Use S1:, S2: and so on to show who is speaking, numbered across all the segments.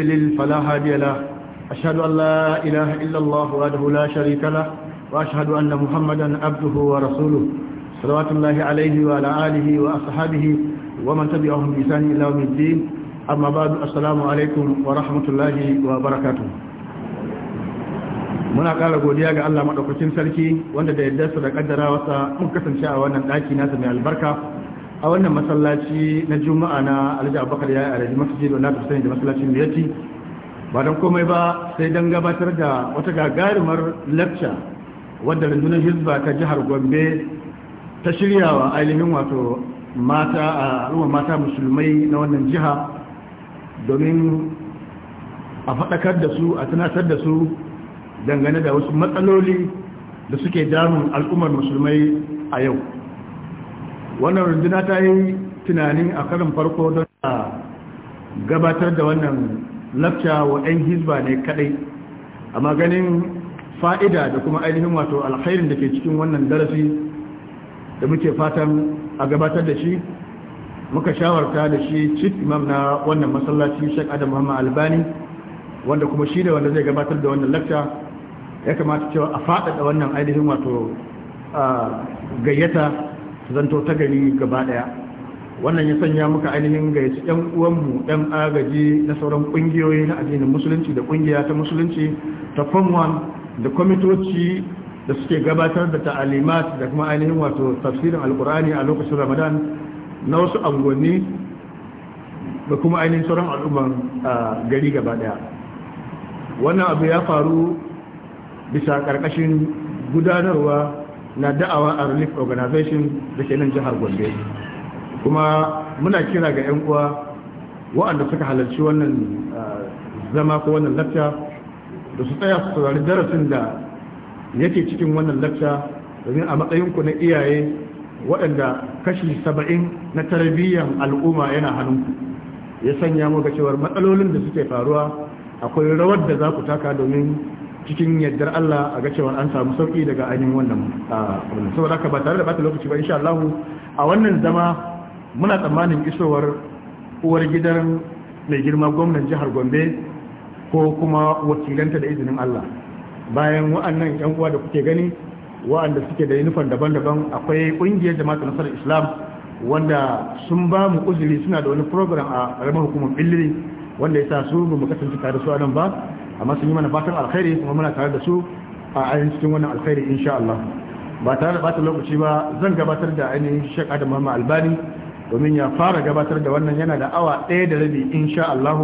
S1: لله فلا هادي له أشهد أن لا إله إلا الله وحده لا شريك له وأشهد أن محمدا عبده ورسوله صلوات الله عليه وعلى آله وأصحابه ومن تبعهم بإحسان إلى يوم الدين أما بعد السلام عليكم ورحمة الله وبركاته muna ƙara godiya ga Allah maɗaukacin sarki wanda da yadda su da ƙaddara wasa mun kasance a wannan ɗaki nasa mai albarka a wannan masallaci na juma'a na alhaji abubakar ya yi a rajin masjid wanda ta sani da masallacin biyati ba don komai ba sai don gabatar da wata gagarumar lecture wadda rundunar hizba ta jihar gombe ta shirya wa ainihin wato mata a al'umma mata musulmai na wannan jiha domin a faɗakar da su a tunatar da su dangane da wasu matsaloli da suke damun al'ummar musulmai a yau wannan runduna ta yi tunanin a karin farko don a gabatar da wannan lafca wa 'yan hizba ne kadai amma ganin fa'ida da kuma ainihin wato alkhairin da ke cikin wannan darasi da muke fatan a gabatar da shi muka shawarta da shi chief imam na wannan masallaci shek adam Hama, albani wanda kuma shi da wanda zai gabatar da wannan lacca ya kamata cewa a faɗaɗa wannan ainihin wato gayyata zanto ta gari gaba daya wannan ya sanya muka ainihin ga yaci ɗan uwanmu ɗan agaji na sauran ƙungiyoyi na addinin musulunci da kungiya ta musulunci ta form da kwamitoci da suke gabatar da ta'alimat da kuma ainihin wato tafsirin alkurani a lokacin ramadan na wasu angonni da kuma ainihin sauran al'umman gari gaba daya wannan abu ya faru bisa ƙarƙashin gudanarwa na da'awa a relief organization da ke nan jihar gombe kuma muna kira ga 'yan uwa wa'anda suka halarci wannan ah, zama ko wannan lacca da su tsaya su saurari darasin da yake cikin wannan lacca domin a matsayinku na iyaye waɗanda kashi saba'in na tarbiyyar al'umma yana hannunku ya sanya mu ga cewar matsalolin da suke faruwa akwai rawar da za ku taka domin cikin yardar Allah a ga cewa an samu sauki daga ainihin wannan abin saboda haka ba tare da bata lokaci ba insha Allah a wannan zama muna tsammanin isowar uwar gidan mai girma gwamnan jihar Gombe ko kuma wakilanta da izinin Allah bayan wa'annan yan uwa da kuke gani wa'anda suke da yunifan daban-daban akwai kungiyar jama'atul nasarar Islam wanda sun ba mu uzuri suna da wani program a ramar hukumar billiri wanda ya sa su mu kasance tare su a nan ba amma sun yi mana fatan alkhairi kuma muna tare da su a ainihin cikin wannan alkhairi insha Allah ba tare da bata lokaci ba zan gabatar da ainihin Sheikh Adam Muhammad Albani domin ya fara gabatar da wannan yana da awa ɗaya da rabi insha Allah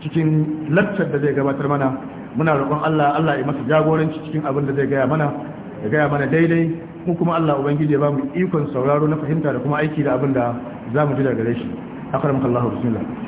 S1: cikin lakcar da zai gabatar mana muna roƙon Allah Allah ya masa jagoranci cikin abin da zai gaya mana ya gaya mana daidai mu kuma Allah ubangiji ya ba mu ikon sauraro na fahimta da kuma aiki da abin da zamu mu ji daga gare shi akramakallahu bismillah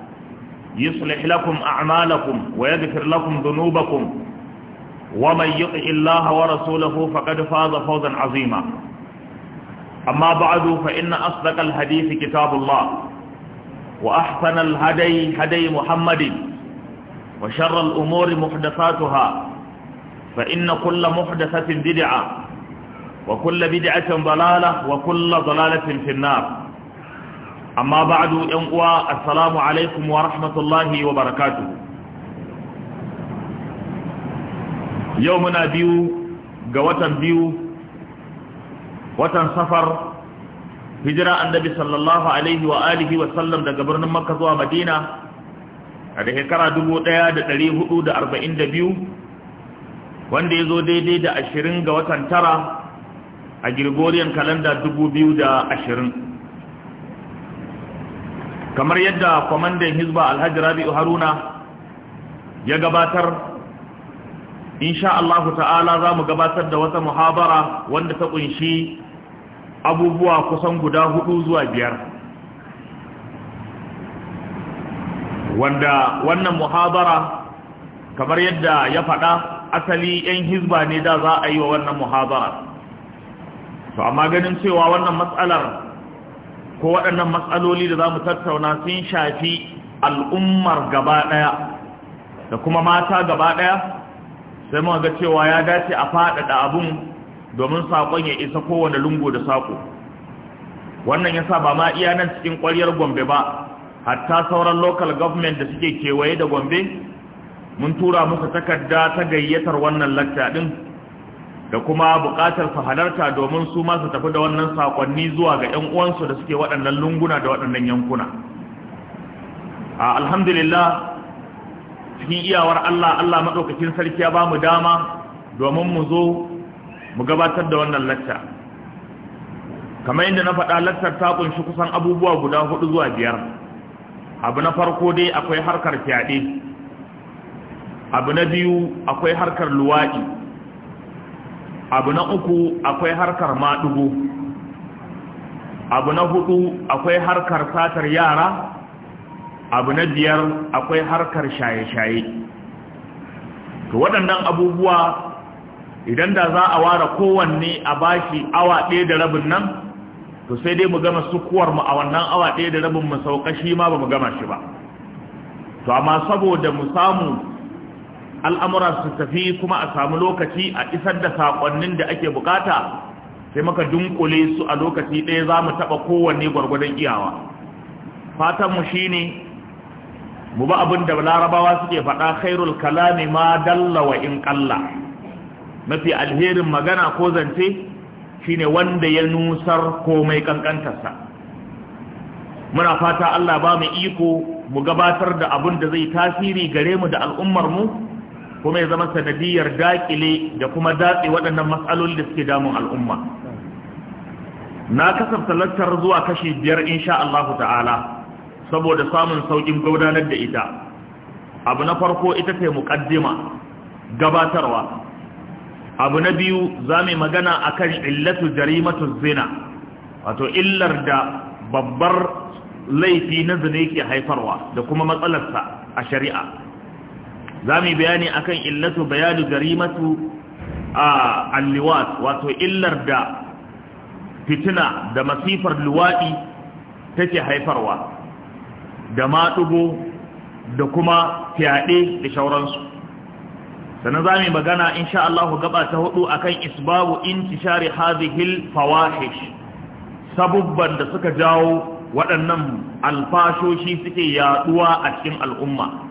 S2: يصلح لكم أعمالكم ويغفر لكم ذنوبكم ومن يطع الله ورسوله فقد فاز فوزا عظيما أما بعد فإن أصدق الحديث كتاب الله وأحسن الهدي هدي محمد وشر الأمور محدثاتها فإن كل محدثة بدعة وكل بدعة ضلالة وكل ضلالة في النار amma ba'du yan uwa assalamu alaikum wa rahmatullahi wa barakatuh yau muna biyu ga watan biyu watan safar hijira annabi sallallahu alaihi wa alihi wa sallam daga birnin makka zuwa madina a da shekara 1442 wanda ya zo daidai da 20 ga watan tara a gregorian kalanda 2020 kamar yadda kwamandan hizba alhaji rabi'u haruna ya gabatar insha Allah ta'ala za mu gabatar da wata muhabara wanda ta kunshi abubuwa kusan guda hudu zuwa biyar wanda wannan muhabara kamar yadda ya faɗa asali 'yan hizba ne da za a yi wa wannan muhabara to amma ganin cewa wannan matsalar ko waɗannan matsaloli da za mu tattauna sun shafi al'ummar gaba ɗaya da kuma mata gaba ɗaya sai muka ga cewa ya dace a faɗaɗa abun domin saƙon ya isa kowane lungu da saƙo wannan ya sa ba ma iya nan cikin ƙwaryar gombe ba hatta sauran local government da suke kewaye da gombe mun tura musu takarda ta gayyatar wannan lacca ɗin da kuma buƙatar su halarta domin su ma su tafi da wannan sakonni zuwa ga ƴan uwansu da suke waɗannan lunguna da waɗannan yankuna A alhamdulillah cikin iyawar Allah Allah madaukakin sarki ya ba mu dama domin mu zo mu gabatar da wannan lacca kamar yadda na faɗa laccar ta kunshi kusan abubuwa guda hudu zuwa biyar abu na farko dai akwai harkar fyaɗe abu na biyu akwai harkar luwaɗi abu na uku akwai harkar maɗugo abu na hudu akwai harkar satar yara abu na biyar akwai harkar shaye-shaye to waɗannan abubuwa idan da za a ware kowanne a bashi awa ɗaya da rabin nan to sai dai mu gama sukuwar mu a wannan awa ɗaya da rabin mu sauka shi ma ba mu gama shi ba to amma saboda mu samu al'amura su tafi kuma a samu lokaci a isar da saƙonnin da ake bukata sai maka dunkule su a lokaci ɗaya za mu taɓa kowanne gwargwadon iyawa fatanmu shi ne mu ba abin da larabawa suke faɗa khairul kalami ma dalla wa in ƙalla mafi alherin magana ko zance shi ne wanda ya nusar komai ƙanƙantarsa muna fata Allah ba mu iko mu gabatar da abin da zai tasiri gare mu da al'ummar mu kuma ya zama sanadiyar dakile da kuma datse waɗannan matsaloli da suke damun al'umma na kasafta lantar zuwa kashi biyar sha Allah ta'ala saboda samun sauƙin gudanar da ita abu na farko ita ce muqaddima gabatarwa abu na biyu za mu magana akan illatu jarimatu zina wato illar da babbar laifi na zina yake haifarwa da kuma matsalarsa a shari'a za mu yi bayani akan illatu bayanu garimatu a alliwat wato illar da fitina da masifar luwaɗi take haifarwa da maɗugo da kuma fyaɗe da shauransu sannan za mu yi magana insha Allah gaba ta hudu akan isbabu intishari hazihil fawahish sabubban da suka jawo waɗannan alfashoshi suke yaɗuwa a cikin al'umma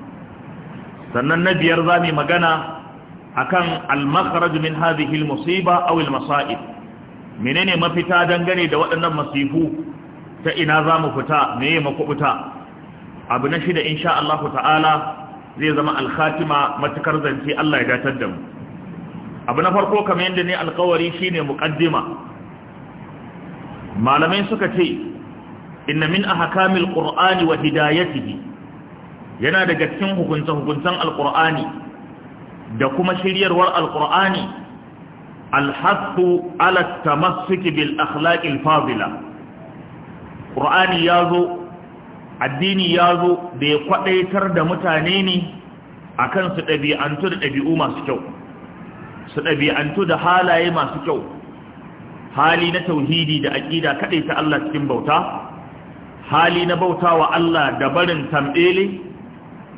S2: sannan na biyar za magana akan al-makhraj min hadhihi al-musiba aw al-masa'ib menene mafita dangane da waɗannan masifu ta ina za mu fita meye makubuta abu na shida insha Allah ta'ala zai zama al-khatima matukar zance Allah ya datar da mu abu na farko kamar yadda ne alkawari shine muqaddima malamai suka ce inna min ahkamil qur'ani wa hidayatihi yana daga cikin hukunce-hukuncen alkur'ani da kuma shiryarwar alkur'ani alhassu ala tamassuki bil akhlaqil Ƙur'ani ya yazo addini ya da ya kwadaitar da mutane ne akan su ɗabi'antu da ɗabi'u masu kyau su ɗabi'antu da halaye masu kyau hali na tauhidi da aƙida kaɗai ta Allah cikin bauta hali na bauta wa Allah da barin tambele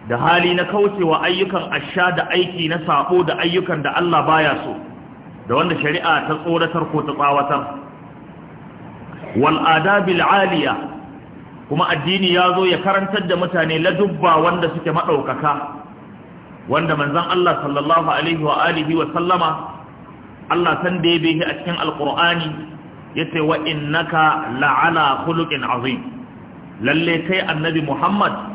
S2: da hali na kaucewa ayyukan asha da aiki na sabo da ayyukan da Allah baya so da wanda shari'a ta tsoratar ko ta tsawatar wal adabil aliya kuma addini ya zo ya karantar da mutane ladubba wanda suke madaukaka wanda manzon Allah sallallahu alaihi wa alihi wa sallama Allah san da ya bihi a cikin alqur'ani yace wa innaka la'ala khuluqin azim lalle kai annabi Muhammad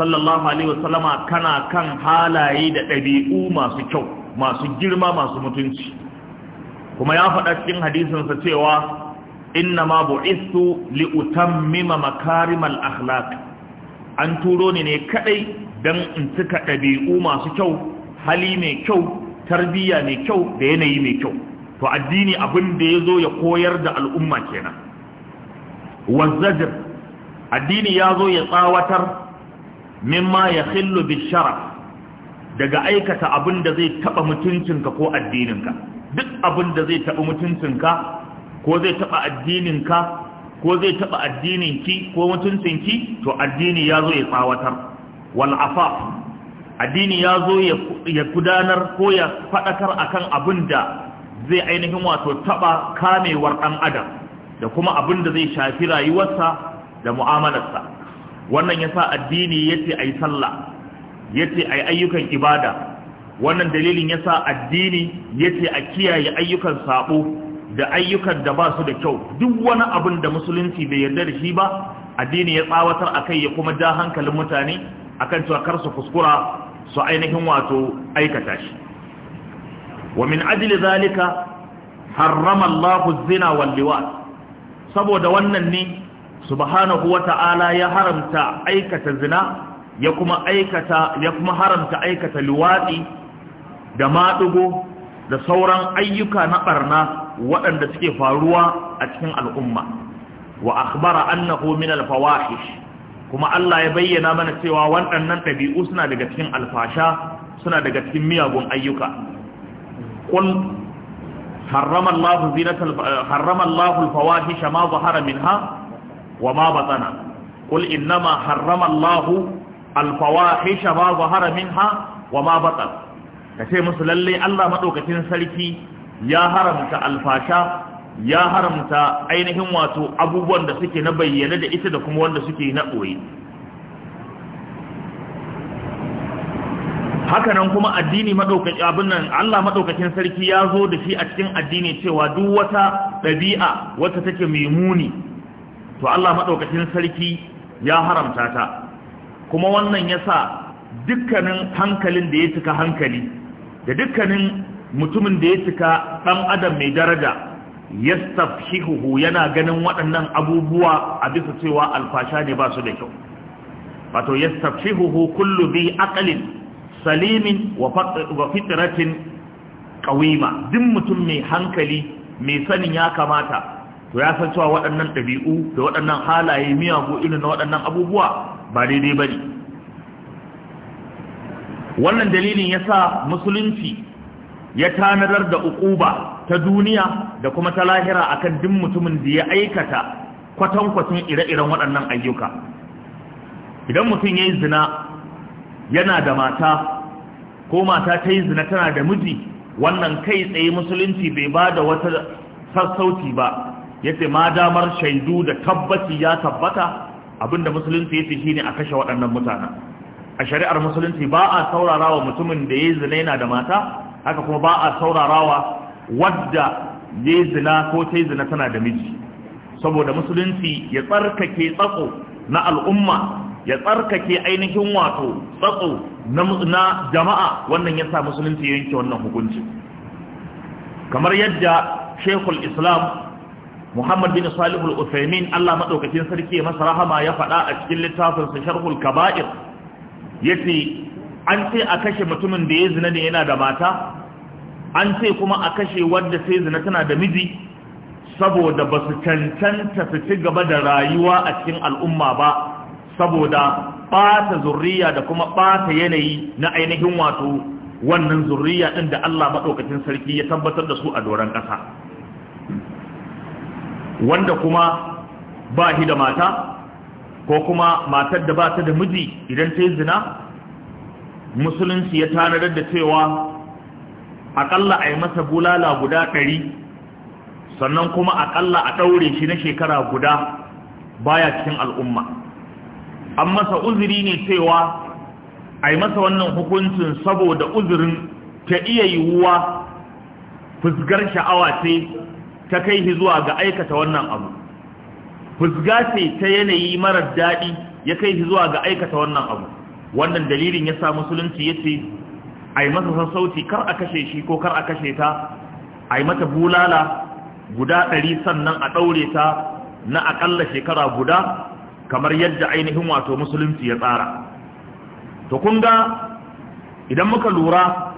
S2: sallallahu alaihi wasallama kana kan halaye da ɗabi'u masu kyau masu girma masu mutunci kuma ya faɗa cikin hadisinsa cewa inna ma bu'istu li utammima makarimal akhlaq an turo ni ne kadai dan in cika ɗabi'u masu kyau hali mai kyau tarbiyya mai kyau da yanayi mai kyau to addini abin da ya zo ya koyar da al'umma kenan wazzajir addini ya zo ya tsawatar mimma ya khillu bi daga aikata abin da zai taba mutuncinka ko addininka duk abin da zai taba mutuncinka ko zai taba addininka ko zai taba addininki ko mutuncinki to addini ya zo ya tsawatar wal afaf addini ya zo ya gudanar ko ya faɗakar akan abin da zai ainihin wato taɓa kamewar ɗan adam da kuma abin da zai shafi rayuwarsa da mu'amalarsa wannan ya sa addini ya ce a yi sallah ya ce a yi ayyukan ibada wannan dalilin ya sa addini ya ce a kiyaye ayyukan sabo da ayyukan da ba su da kyau duk wani abin da musulunci bai yarda da shi ba addini ya tsawatar a kai ya kuma ja hankalin mutane akan cewa kar su kuskura su ainihin wato aikata shi wa min ajli zalika harrama Allahu zina wal liwat saboda wannan ne subhanahu wata'ala ya haramta aikata zina ya kuma aikata ya kuma haramta aikata luwadi da madugo da sauran ayyuka na barna waɗanda suke faruwa a cikin al'umma wa akhbara annahu min al-fawahish kuma Allah ya bayyana mana cewa waɗannan ɗabi'u suna daga cikin alfasha suna daga cikin miyagun ayyuka qul harrama Allahu zinata harrama Allahu al-fawahisha ma zahara minha wa ma batana qul innama harrama Allahu al-fawahisha ma zahara minha wa ma batana kace musu lalle Allah madaukakin sarki ya haramta alfasha ya haramta ainihin wato abubuwan da suke na bayyane da ita da kuma wanda suke na boye hakanan kuma addini madaukakin abin nan Allah madaukakin sarki ya zo da shi a cikin addini cewa duk wata ɗabi'a wata take mai muni to Allah maɗaukacin sarki ya haramta ta kuma wannan ya sa dukkanin hankalin da ya cika hankali da dukkanin mutumin da ya cika ɗan adam mai daraja ya yana ganin waɗannan abubuwa a bisa cewa alfasha ne ba su da kyau wato ya kullu bi aqalin salimin wa fitratin qawima duk mutum mai hankali mai sanin ya kamata to ya san cewa waɗannan ɗabi'u da waɗannan halaye miyagu irin na waɗannan abubuwa ba daidai ba ne wannan dalilin ya sa musulunci ya tanadar da uquba ta duniya da kuma ta lahira akan duk mutumin da ya aikata kwatankwacin ire-iren waɗannan ayyuka idan mutum ya yi zina yana da mata ko mata ta yi zina tana da miji wannan kai tsaye musulunci bai ba da wata sassauci ba yace ma damar shaidu da tabbaci ya tabbata abinda musulunci yace shine a kashe waɗannan mutanen a shari'ar musulunci ba a saurarawa mutumin da yayi zina yana da mata haka kuma ba a saurarawa wadda yayi zina ko tayi zina tana da miji saboda musulunci ya tsarkake tsatso na al'umma ya tsarkake ainihin wato tsatso na jama'a wannan yasa musulunci yanke wannan hukunci kamar yadda shekul islam Muhammad bin Salih al-Uthaymin Allah madaukakin sarki ya masa rahama ya faɗa a cikin littafin sa Sharhul Kaba'ir yace an ce a kashe mutumin da ya zina ne yana da mata an ce kuma a kashe wanda sai zina tana da miji saboda ba su cancanta su ci gaba da rayuwa a cikin al'umma ba saboda ɓata zurriya da kuma ɓata yanayi na ainihin wato wannan zurriya ɗin da Allah maɗaukacin sarki ya tabbatar da su a doron ƙasa. wanda kuma ba shi da mata ko kuma matar da ba ta da miji idan ta yi zina musulunci ya tanadar da cewa akalla a yi masa bulala guda ɗari sannan kuma akalla a ɗaure shi na shekara guda baya cikin al'umma an masa uzuri ne cewa a yi masa wannan hukuncin saboda uzurin ta iya yiwuwa fusgar sha'awa ce ta kai shi zuwa ga aikata wannan abu fuzga ce ta yanayi marar daɗi ya kai shi zuwa ga aikata wannan abu wannan dalilin ya sa musulunci ya ce a yi masa sassauci kar a kashe shi ko kar a kashe ta ai yi mata bulala guda ɗari sannan a ɗaure ta na aƙalla shekara guda kamar yadda ainihin wato musulunci ya tsara to kun ga idan muka lura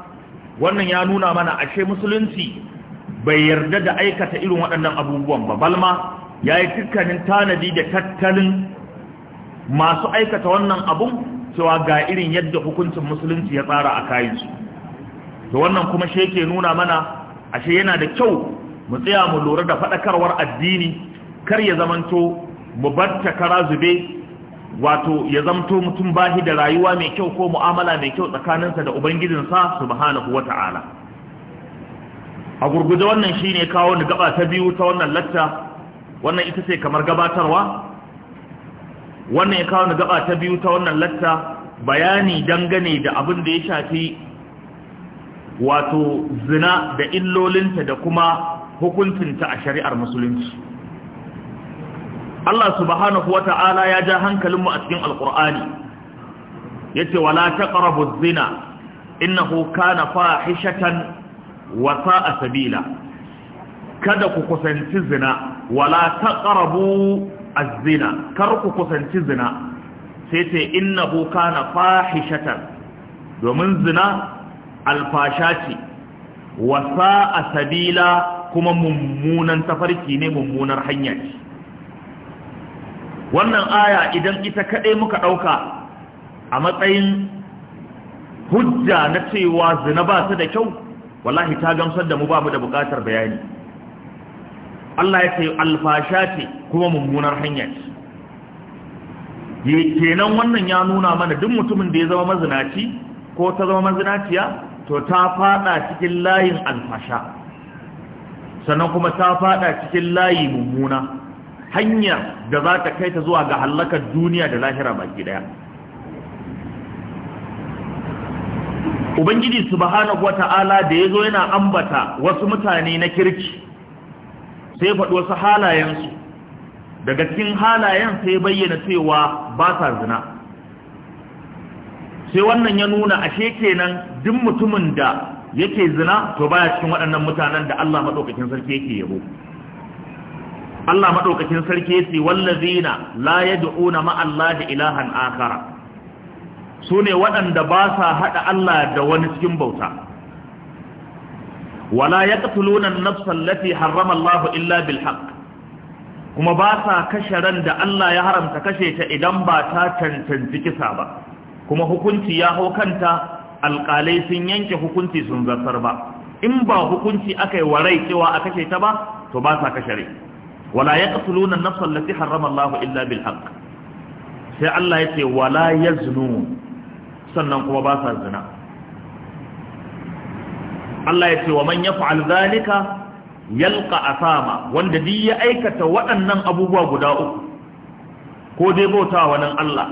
S2: wannan ya nuna mana ashe musulunci bai yarda da aikata irin waɗannan abubuwan ba balma ya yi tukkanin tanadi da tattalin masu aikata wannan abun cewa ga irin yadda hukuncin musulunci ya tsara a kayansu to wannan kuma shi yake nuna mana ashe yana da kyau mu tsaya mu lura da faɗakarwar addini kar ya zamanto mu batta kara zube wato ya zamto mutum bahi da rayuwa mai kyau ko mu'amala mai kyau tsakaninsa da ubangijinsa subhanahu wata'ala a gurguje wannan ne kawo ni gaba ta biyu ta wannan latta wannan ita ce kamar gabatarwa wannan ya kawo ni gaba ta biyu ta wannan latta bayani dangane da abin da ya shafi wato zina da illolinta da kuma hukuncinta a shari'ar musulunci Allah subhanahu wata'ala ya ja hankalinmu a cikin alkur'ani yace wala taqrabu zina innahu kana fahishatan wasa a sabila kada ku kusanci zina wala ƙarabu a zina kar ku kusanci zina sai ce innahu na fahishatan domin zina alfasha ce wasa a sabila kuma mummunan tafarki ne mummunar hanya ce wannan aya idan ita kaɗai muka ɗauka a matsayin hujja na cewa zina ba su da kyau wallahi ta gamsar da mu babu da bukatar bayani Allah ya ce alfasha ce kuma mummunar hanya ce kenan wannan ya nuna mana duk mutumin da ya zama mazinaci ko ta zama mazinaciya to ta fada cikin layin alfasha sannan kuma ta fada cikin layi mummuna hanya da za ta kai ta zuwa ga hallakar duniya da lahira baki daya ubangiji subhanahu wata'ala da zo yana ambata wasu mutane na kirki sai faɗi wasu halayensu daga cikin halayen sai bayyana cewa ba sa zina sai wannan ya nuna ashe kenan duk mutumin da yake zina to baya cikin waɗannan mutanen da Allah madaukakin sarki yake yabo Allah madaukakin sarki yace wallazina la yad'una ma'allahi da ilahan akhara su ne waɗanda ba sa haɗa Allah da wani cikin bauta wala ya ƙatulunan nafsan lati harrama Allah illa bil haƙ kuma ba sa kashe ran da Allah ya haramta kashe ta idan ba ta cancanci kisa ba kuma hukunci ya hau kanta alƙalai sun yanke hukunci sun zartar ba in ba hukunci aka yi warai cewa a kashe ta ba to ba sa kashe rai wala ya ƙatulunan nafsan lati harrama Allah illa bil haƙ sai Allah ya ce wala ya yaznun sannan kuma ba sa zina Allah ya ce wa man yaf'al zalika yalqa asama wanda duk ya aikata waɗannan abubuwa guda uku ko dai bautawa nan Allah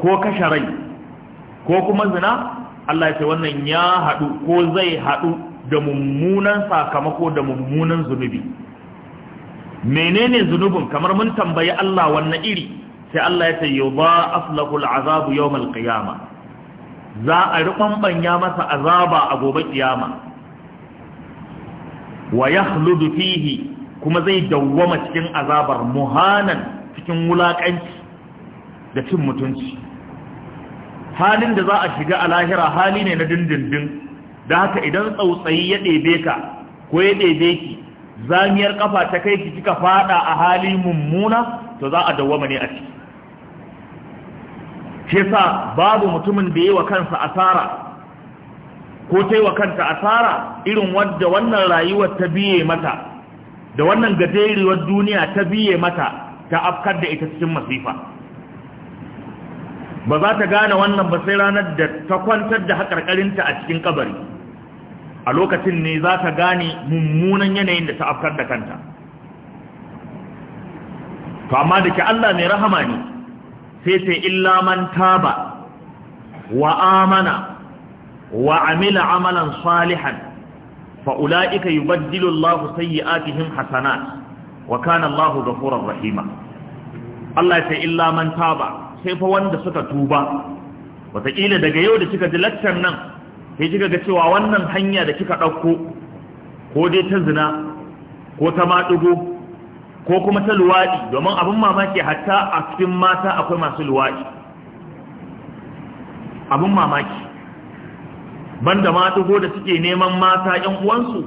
S2: ko kashe rai ko kuma zina Allah ya ce wannan ya haɗu ko zai haɗu da mummunan sakamako da mummunan zunubi menene zunubin kamar mun tambayi Allah wannan iri sai Allah ya ce yudha'af lahu al'azabu yawm qiyama za a rubanbanya masa azaba a gobe kiyama wa yakhludu fihi kuma zai dawwama cikin azabar muhanan cikin wulakanci da cin mutunci halin da za a shiga a lahira hali ne na dindindin da haka idan tsautsayi ya ɗebe ka ko ya ɗebe ki zamiyar kafa ta kai ki kika fada a hali mummuna to za a dawwama ne a ciki shi yasa babu mutumin da yi wa kansa asara ko ta yi wa kanta asara irin wadda wannan rayuwar ta biye mata da wannan gajeriyar duniya ta biye mata ta afkar da ita cikin masifa ba za ta gane wannan ba sai ranar da ta kwantar da hakarkarinta a cikin kabari a lokacin ne za ta gane mummunan yanayin da ta afkar da kanta to amma da ke Allah mai rahama ne sai sai illa man taba wa amana wa amila amalan salihan fa ulaika yubaddilu Allahu sayyi'atihim hasanat wa kana Allahu ghafurur rahima Allah sai ce illa man taba sai fa wanda suka tuba wataƙila daga yau da kika ji laccan nan sai kika ga cewa wannan hanya da kika ɗauko ko dai ta zina ko ta maɗigo. ko kuma ta luwaɗi domin abin mamaki hatta a cikin mata akwai masu luwaɗi abin mamaki banda matugo da suke neman mata ‘yan uwansu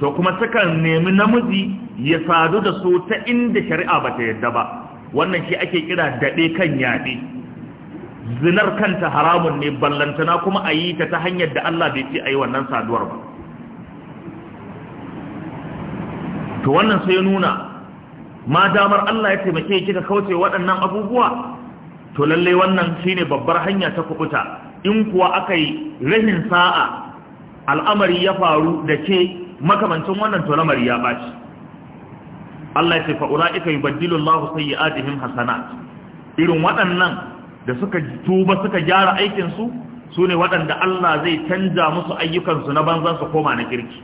S2: to kuma sukan nemi namiji ya sadu da su ta inda shari'a ba ta yadda ba wannan shi ake kira daɗe kan yaɗe zinar kanta haramun ne ballantana kuma a yi ta ta hanyar da Allah bai ce a yi wannan saduwar ba to wannan sai ya nuna ma damar Allah ya taimake kika kauce waɗannan abubuwa to lalle wannan shine babbar hanya ta kubuta in kuwa aka yi rahin sa'a al'amari ya faru da ke makamancin wannan to lamari ya baci Allah ya ce fa ulaika yubaddilu Allahu sayyi'atihim hasanat irin waɗannan da suka tuba suka gyara aikin su sune waɗanda Allah zai canja musu ayyukan su na banza su koma na kirki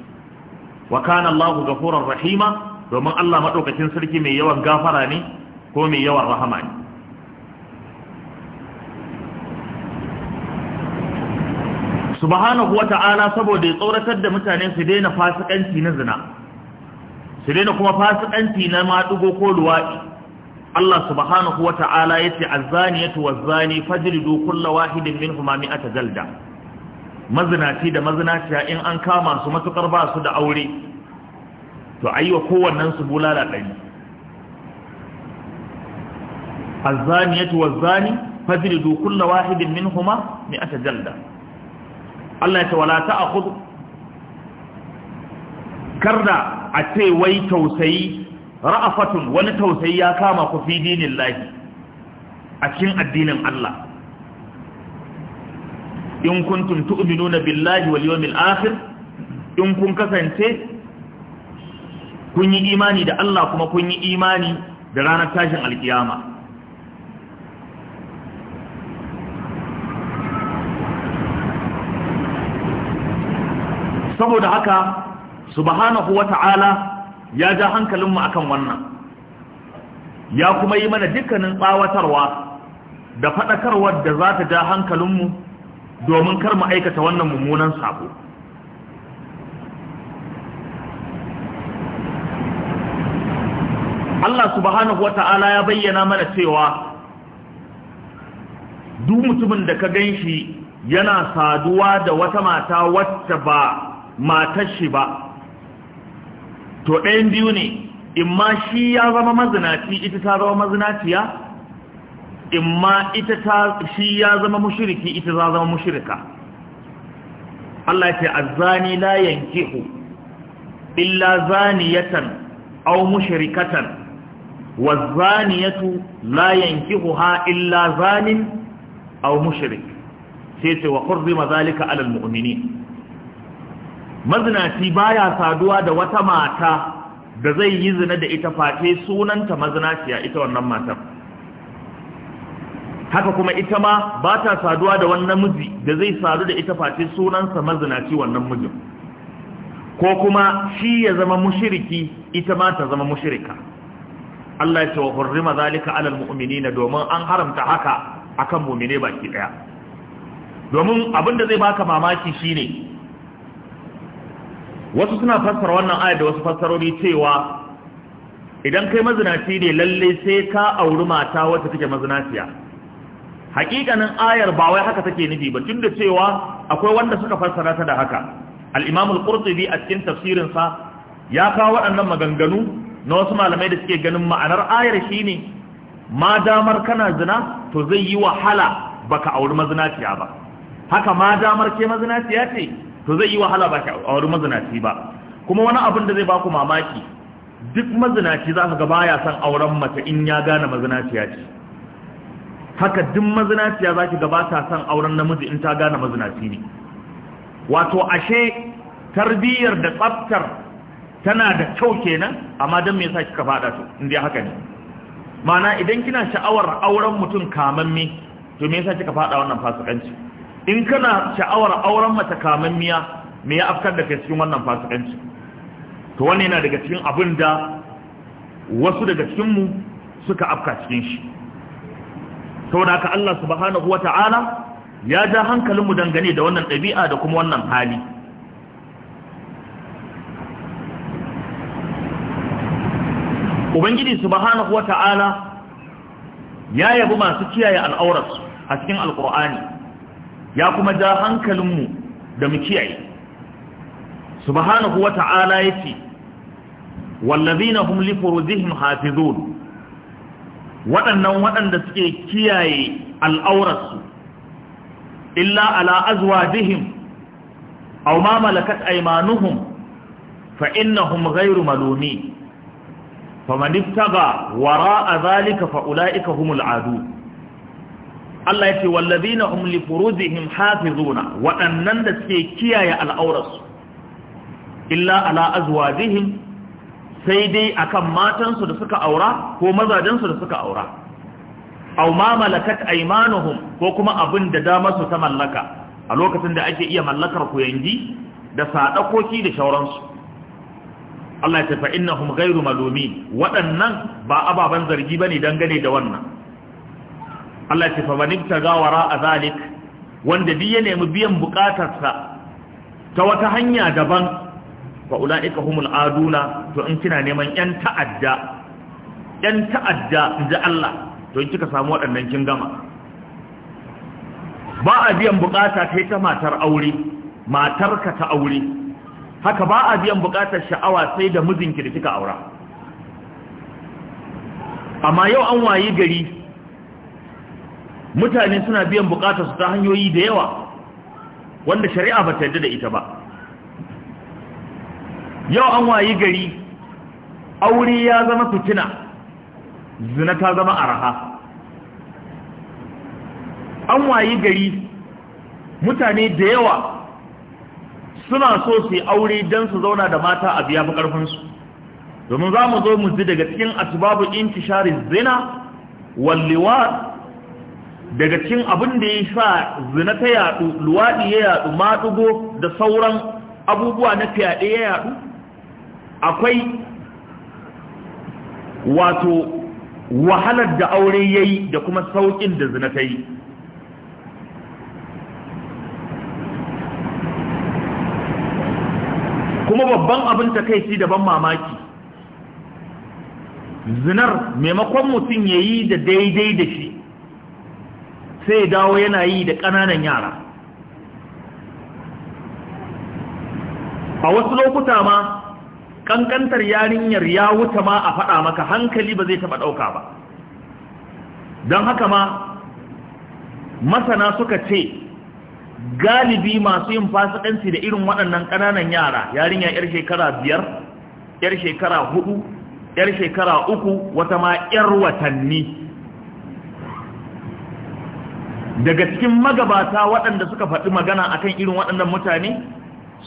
S2: wa kana Allahu ghafurur rahima domin Allah maɗaukacin sarki mai yawan gafara ne ko mai yawan rahama ne subhanahu wa ta'ala saboda ya tsoratar da mutane su daina fasikanci na zina su daina kuma fasikanci na maɗugo ko luwaɗi Allah subhanahu wa ta'ala ya ce azzaniyatu wazzani fajridu kulla wahidin minhuma mi'ata galda mazinaci da mazinaciya in an kama su matukar ba su da aure to ayyuka kowannen su bulala ɗari azzaniyatu wazzani fajridu kulla wahidin minhuma mi'ata jalda Allah ya ce wala ta'khudh karda a ce wai tausayi ra'afatun wani tausayi ya kama ku fi dinin lahi a cikin addinin Allah in kuntum tu'minuna billahi wal yawmil akhir in kun kasance kun yi imani da Allah kuma kun yi imani da ranar tashin alkiyama saboda haka subhanahu wata'ala ya ja hankalinmu akan wannan ya kuma yi mana dukkanin tsawatarwa da faɗakarwar da za ta ja hankalinmu domin kar mu aikata wannan mummunan sabo Allah subhanahu wata'ala ya bayyana mana cewa duk mutumin da ka ganshi yana saduwa da wata mata wacce ba matar shi ba to ɗayan biyu ne imma shi ya zama mazinaci ita ta zama mazinaciya imma ita ta shi ya zama mushriki ita za zama mushrika Allah ya ce azzani la yankihu illa zaniyatan aw mushrikatan wazaniyatu la yankihuha illa zanin aw mushrik sai ce wa hurrima zalika ala almu'minin mazinaci baya saduwa da wata mata da zai yi zina da ita face sunanta mazinaciya ita wannan matar haka kuma ita ma ba ta saduwa da wannan miji da zai sadu da ita face sunansa mazinaci wannan mijin ko kuma shi ya zama mushiriki ita ma ta zama mushirika Allah ya ce wa hurrima zalika alal mu'minina domin an haramta haka akan mu'mine baki daya domin abinda zai baka mamaki shine wasu suna fassara wannan aya da wasu fassarori cewa idan kai mazinaci ne lalle sai ka auri mata wacce take mazinaciya hakikanin ayar ba wai haka take nufi ba tunda cewa akwai wanda suka fassara ta da haka al-Imam al-Qurtubi a cikin tafsirin sa ya kawo waɗannan maganganu na wasu malamai da suke ganin ma'anar ayar shine ma damar kana zina to zai yi wahala baka auri mazinaciya ba haka ma damar ke mazinaciya ce to zai yi wahala baka auri mazinaci ba kuma wani abin da zai baku mamaki duk mazinaci za ka ga baya son auren mace in ya gane mazinaciya ce haka duk mazinaciya za ki gabata son auren namiji in ta gane mazinaci ne wato ashe tarbiyyar da tsaftar tana da kyau kenan amma don me yasa kika fada to in dai haka ne mana idan kina sha'awar auren mutum kamamme to me yasa kika fada wannan fasikanci in kana sha'awar auren mace kamammiya me ya afkar da kai cikin wannan fasikanci to wannan yana daga cikin abin da wasu daga cikin mu suka afka cikin shi saboda haka Allah subhanahu wata'ala ya ja hankalinmu dangane da wannan ɗabi'a da kuma wannan hali ubangiji subhanahu wata'ala ya yabi masu kiyaye al'aurarsu a cikin alkur'ani ya kuma ja hankalinmu da mu kiyaye subhanahu wata'ala yace wallazina hum li furujihim hafizun waɗannan waɗanda suke kiyaye al'aurarsu illa ala azwajihim aw ma malakat aymanuhum fa innahum ghayru malumin faman ittaga wara'a zalika fa ulaika humul adu Allah yace wallazina hum li furujihim hafizuna waɗannan da suke kiyaye al'aurarsu illa ala azwajihim sai dai akan matansu da suka aura ko mazajensu da suka aura aw ma malakat aymanuhum ko kuma abin da damar su ta mallaka a lokacin da ake iya mallakar kuyangi da saɗakoki da shauransu Allah ya tafa innahum ghairu malumi waɗannan ba ababan zargi ba bane dangane da wannan Allah ya tafa manibta gawara a zalik wanda duk ya nemi biyan bukatarsa ta wata hanya daban wa ulaika humul aduna to in kina neman yan ta'adda yan ta'adda inda Allah to in kika samu waɗannan kin gama ba a biyan bukata kai ta matar aure matarka ta aure haka ba a biyan bukatar sha'awa sai da mijinki da kika aura amma yau an wayi gari mutane suna biyan bukatar su ta hanyoyi da yawa wanda shari'a ba ta da ita ba yau an wayi gari aure ya zama fitina zina ta zama araha an wayi gari mutane da yawa suna so su yi aure don su zauna da mata a biya bakarfinsu domin za mu zo mu ji daga cikin asibabu intishari zina walliwa daga cikin abin da ya sa zina ta yaɗu luwaɗi ya yaɗu maɗugo da sauran abubuwa na fyaɗe ya yaɗu akwai wato wahalar da aure ya yi da kuma sauƙin da zina ta yi kuma babban abin takaici da ban mamaki zinar maimakon mutum ya yi da daidai da shi sai dawo yana yi da ƙananan yara a wasu lokuta ma ƙanƙantar yarinyar ya wuta ma a faɗa maka hankali ba zai taɓa ɗauka ba don haka ma masana suka ce galibi masu yin fasikanci da irin waɗannan ƙananan yara yarinya yar shekara biyar yar shekara hudu yar shekara uku wata ma yar watanni daga cikin magabata waɗanda suka faɗi magana akan irin waɗannan mutane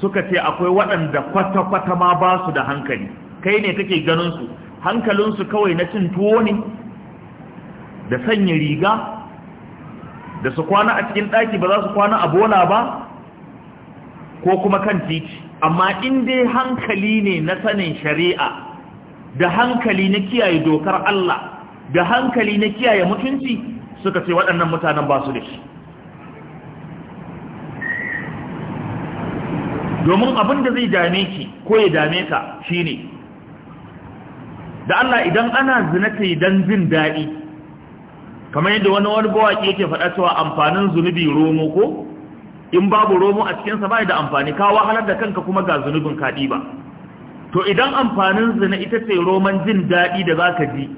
S2: suka ce akwai waɗanda kwata-kwata ma ba su da hankali kai ne kake ganinsu hankalinsu kawai na cin tuwo ne da sanya riga da su kwana a cikin ɗaki ba za su kwana a bola ba ko kuma kan titi amma in dai hankali ne na sanin shari'a da hankali na kiyaye dokar Allah da hankali na kiyaye mutunci suka ce waɗannan mutanen ba su da shi domin abin da zai dame ki ko ya dame ka shine da Allah idan ana zinata idan zin dadi. daɗi kamar yadda wani wani bawaki yake faɗa cewa amfanin zunubi romo ko in babu romo a cikinsa ba da amfani ka wahalar da kanka kuma ga zunubin ka ba to idan amfanin zina ita ce roman jin daɗi da za ka ji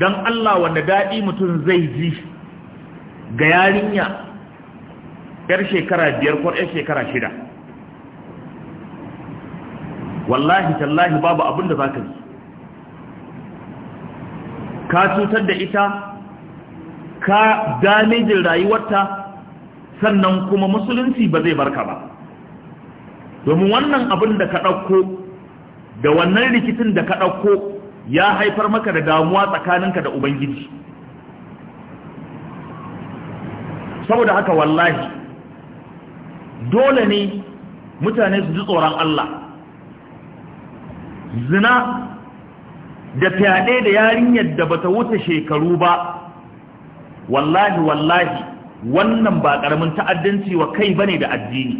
S2: don Allah wanda daɗi mutum zai ji ga yarinya yar shekara biyar ko yar shekara shida wallahi tallahi babu abin da za ka ji ka cutar da ita ka damejin rayuwarta sannan kuma musulunci ba zai barka ba domin wannan abin da ka ɗauko da wannan rikicin da ka ɗauko ya haifar maka da damuwa tsakaninka da ubangiji saboda haka wallahi dole ne mutane su ji tsoron Allah zina da fyaɗe da yarinyar da bata wuce shekaru ba wallahi wallahi wannan ba karamin ta'addanci wa kai bane da addini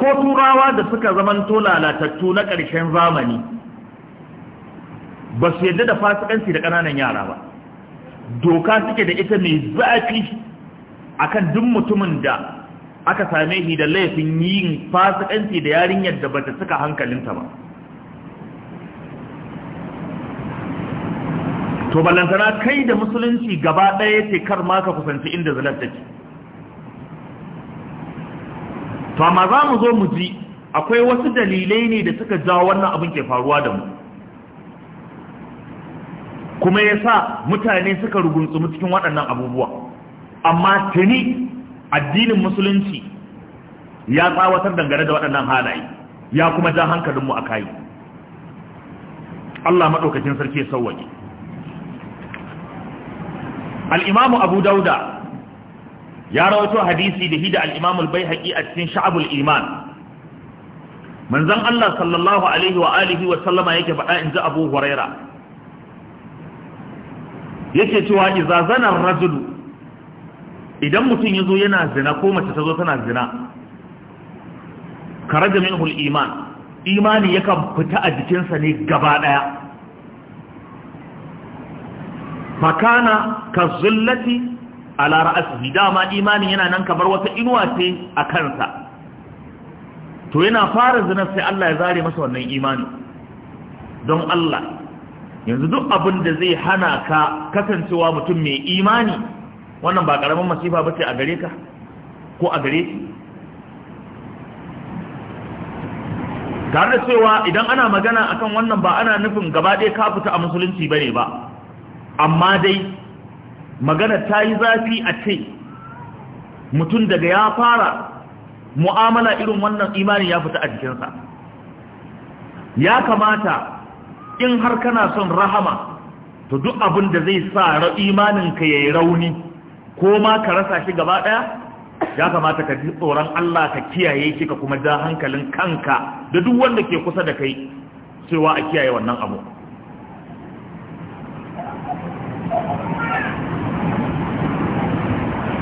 S2: ko turawa da suka zamanto lalatattu na ƙarshen zamani ba su yadda da fasikanci da ƙananan yara ba doka suke da ita mai zafi akan duk mutumin da aka same shi da laifin yin fasikanci da yarinyar da bata saka hankalinta ba to ballantana kai da musulunci gaba ɗaya ce kar ma ka kusanci inda zalar take to amma za mu zo mu ji akwai wasu dalilai ne da suka jawo wannan abin ke faruwa da mu kuma ya sa mutane suka ruguntsumi cikin waɗannan abubuwa amma tuni addinin musulunci ya tsawatar dangane da waɗannan halaye ya kuma ja hankalinmu a kayi Allah maɗaukacin sarki ya sauwaƙe al-imamu abu dauda ya rawaito hadisi da hida al-imamu al a cikin sha'abul iman manzon Allah sallallahu alaihi wa alihi wa sallama yake baɗa inzu abu huraira yake cewa idza zana ar-rajulu idan mutum yazo yana zina ko mace tazo tana zina karaja minhu al-iman imani yakan fita a jikinsa ne gaba daya fakana ka zullati ala ra'asihi dama imani yana nan kamar wata inuwa ce a kansa to yana fara zina sai Allah ya zare masa wannan imani don Allah yanzu duk abin da zai hana ka kasancewa mutum mai imani wannan ba karamin masifa ba ce a gare ka ko a gare ki tare da cewa idan ana magana akan wannan ba ana nufin gaba ɗaya ka fita a musulunci bane ba amma dai magana ta yi zafi a ce mutum daga ya fara mu'amala irin wannan imani ya fita a jikinsa ya kamata in har kana son rahama to duk abin da zai sa imaninka ya yi rauni ko ma ka rasa shi gaba ɗaya ya kamata ka ji tsoron Allah ka kiyaye shi ka kuma ja hankalin kanka da duk wanda ke kusa da kai cewa a kiyaye wannan abu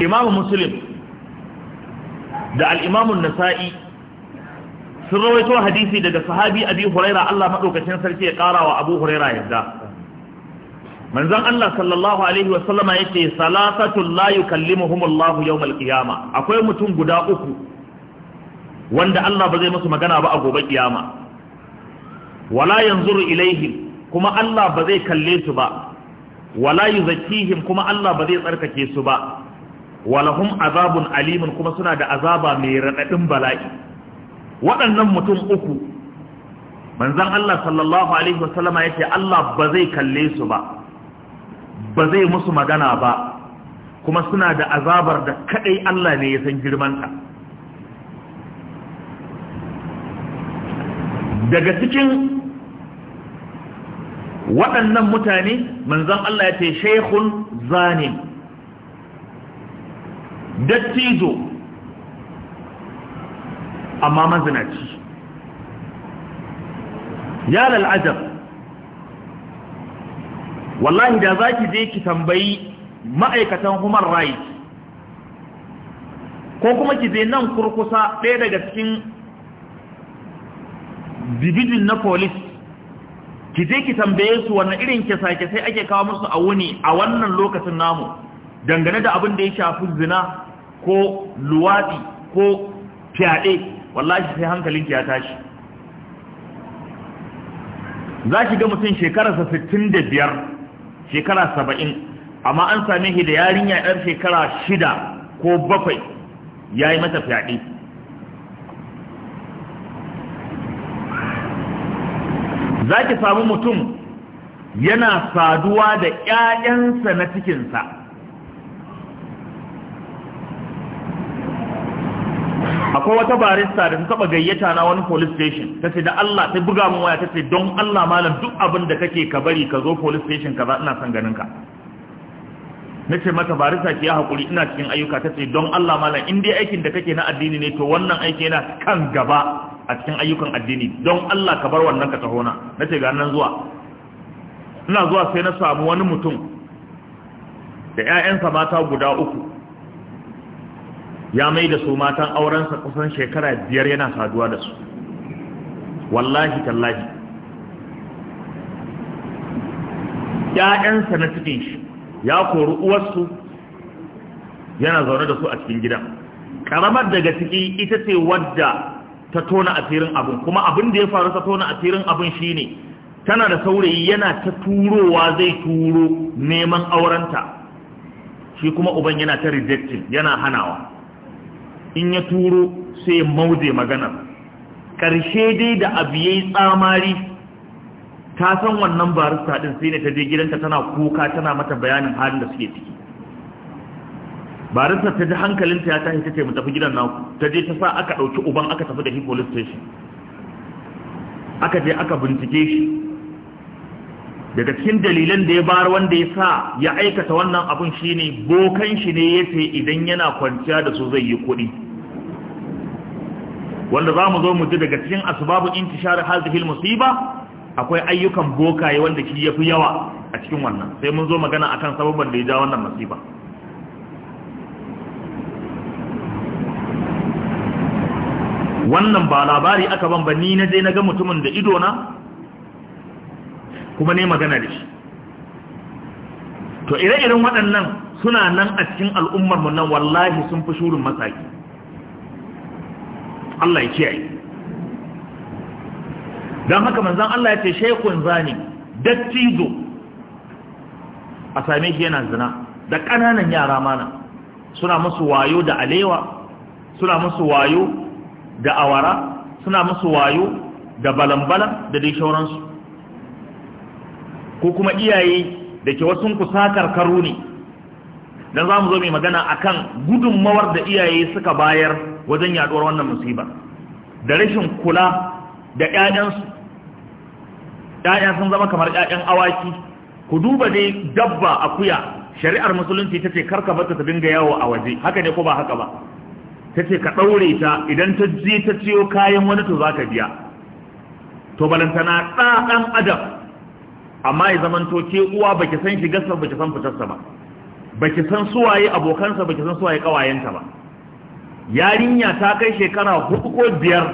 S2: imamu muslim da al'imamun nasa'i sun rawaito hadisi daga sahabi abi huraira Allah maɗaukacin sarki ya ƙara wa abu huraira yadda manzan Allah sallallahu Alaihi wasallama ya ce salatatun layu kallimuhumullahu yau malkiyama akwai mutum guda uku wanda Allah ba zai musu magana ba a gobe kiyama wala yanzuru ilaihim kuma Allah ba zai kalle su ba wala yuzakkihim kuma Allah ba zai tsarkake su ba walahum azabun alimun kuma suna da azaba mai raɗaɗin bala'i waɗannan mutum uku manzan Allah sallallahu alaihi wasallama yake Allah ba zai kalle su ba ba zai musu magana ba kuma suna da azabar da kaɗai Allah ne ya san girmanta daga cikin waɗannan mutane manzan Allah ya ce zane. zanin dattijo amma mazinaci ya lal'ajab wallahi da za ki je ki tambayi ma'aikatan human rights ko kuma ki je nan kurkusa ɗaya daga cikin dibidin na police ki je ki tambaye su wannan irin kisa-kisai ake kawo musu a wuni a wannan lokacin namu dangane da abin da ya shafi zina ko luwaɗi ko fyaɗe wallahi sai hankalinki ya tashi za ki ga mutum shekararsa sittin da biyar shekara saba'in amma an same shi da yarinya yar shekara shida ko bakwai ya yi mata fyaɗe za ki samu mutum yana saduwa da 'ya'yansa na cikinsa akwai wata barista da ta taba gayyata na wani police station ta ce da Allah ta buga min waya ta ce don Allah malam duk abin da kake ka bari ka zo police station kaza ina son ganin ka na ce mata barista ki ya hakuri ina cikin ayyuka ta ce don Allah malam in dai aikin da kake na addini ne to wannan aiki yana kan gaba a cikin ayyukan addini don Allah ka bar wannan ka taho na na ce ga nan zuwa ina zuwa sai na samu wani mutum da 'ya'yansa mata guda uku ya mai da su matan aurensa kusan shekara biyar yana saduwa da su wallahi tallahi ‘ya'yansa na cikin shi ya kori uwarsu yana zaune da su a cikin gidan. Karamar daga ciki ita ce wadda ta tona asirin abin kuma abin da ya faru ta tona asirin abin shine tana da saurayi yana ta turowa zai turo neman aurenta shi kuma uban yana ta rejecting yana hanawa in ya turo sai mauze magana karshe dai da abu ya yi tsamari ta san wannan barista din sai ne ta je gidanta tana kuka tana mata bayanin halin da suke ciki barista ta ji hankalinta ya tashi ta ce mu tafi gidan naku ta je ta sa aka ɗauki uban aka tafi da shi police station aka je aka bincike shi daga cikin dalilan da ya bar wanda ya sa ya aikata wannan abun shine bokan shi ne ya ce idan yana kwanciya da su zai yi kuɗi wanda za mu zo mu ji daga cikin in intishar hazihil musiba akwai ayyukan bokaye wanda ke yafi yawa a cikin wannan sai mun zo magana akan sababan da ya ja wannan musiba wannan ba labari aka ban ba ni na je na ga mutumin da ido na kuma ne magana da shi to ire-iren waɗannan suna nan a cikin al'ummar mu nan wallahi sun fi shurin masaki Allah ya kiyaye don haka manzan Allah ya ce shekun zani dattizo a same shi yana zina da ƙananan yara mana suna musu wayo da alewa suna musu wayo da awara suna musu wayo da balambalan da dai shauransu ko kuma iyaye da ke wasu kusakar karu ne don za mu zo mai magana akan gudunmawar da iyaye suka bayar wajen yaɗuwar wannan musiba da rashin kula da ƴaƴansu ƴaƴan sun zama kamar ƴaƴan awaki ku duba dai dabba akuya shari'ar musulunci tace karka bata ta dinga yawo a waje haka ne ko ba haka ba tace ka daure ta idan ta je ta ciyo kayan wani to zaka biya to balantana da dan adam amma ya to ke uwa baki san shigarsa baki san fitarsa ba baki san suwaye abokansa baki san suwaye kawayenta ba yarinya ta kai shekara hudu ko biyar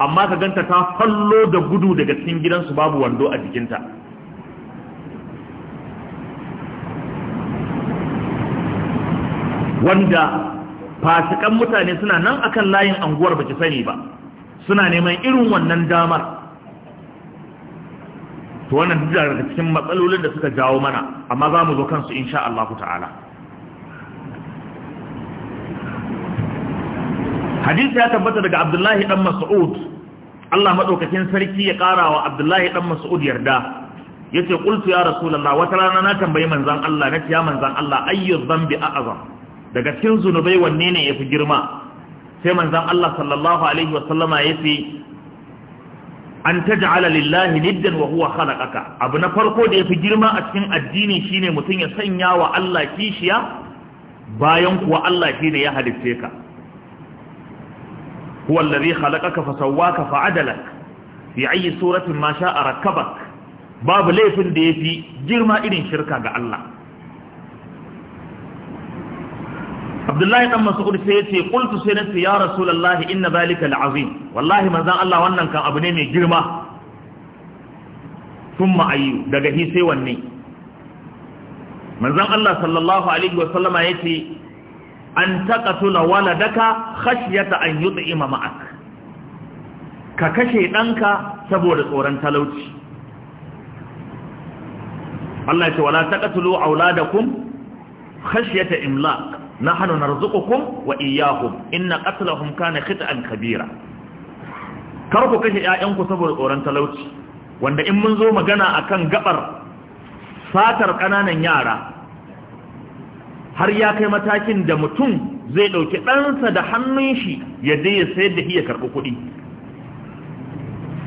S2: amma ka ganta ta fallo da gudu daga cikin gidansu babu wando a jikinta wanda fasikan mutane suna nan akan layin anguwar baki sani ba suna neman irin wannan damar to wannan duk daga cikin matsalolin da suka jawo mana amma za mu zo kansu insha Allah ta'ala hadisi ya tabbata daga abdullahi dan mas'ud Allah madaukakin sarki ya kara wa abdullahi dan mas'ud yarda yace qultu ya rasulullah wata rana na tambayi manzon Allah na ya manzon Allah ayyu dhanbi a'zam daga cikin zunubai wanne ne yafi girma sai manzon Allah sallallahu alaihi wasallama yace an taj'ala lillahi niddan wa huwa khalaqaka abu na farko da yafi girma a cikin addini shine mutun ya sanya wa Allah kishiya bayan kuwa Allah shine ya halitte ka huwa allazi khalaqaka fa sawwaka fa adalak fi ayi suratin ma sha'a rakkabak babu laifin da ya fi girma irin shirka ga Allah Abdullahi dan Mas'ud sai ya ce qultu ya rasu ce ya Rasulullahi inna zalika al'azim wallahi manzon Allah wannan kan abu ne mai girma thumma ayyu daga hi sai wanne manzon Allah sallallahu alaihi wa sallama yace an taqatula waladaka khashyata an yut'ima ma'ak ka kashe danka saboda tsoron talauci Allah ya ce wala taqatulu auladakum khashyata imlaq nahnu narzuqukum wa iyyahum inna qatlahum kana khit'an kabira kar ku kashe ƴaƴanku saboda tsoron talauci wanda in mun zo magana akan gabar satar kananan yara har ya kai matakin da mutum zai ɗauki ɗansa da hannun shi ya je ya sayar da iya karɓi kuɗi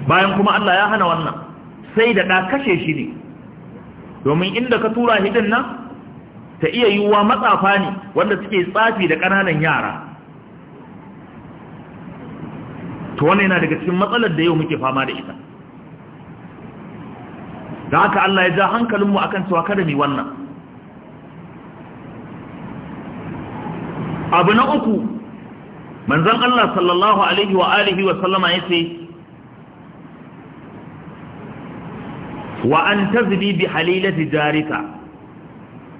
S2: bayan kuma Allah ya hana wannan sai da ɗa kashe shi ne domin inda ka tura hidin nan ta iya yiwuwa matsafa ne wanda suke tsafi da ƙananan yara to wannan yana daga cikin matsalar da yau muke fama da ita da haka Allah ya ja hankalinmu akan cewa kada mu wannan abu na uku manzan Allah sallallahu alaihi wa alihi wa sallama yace wa an tazbi bi halilati jarika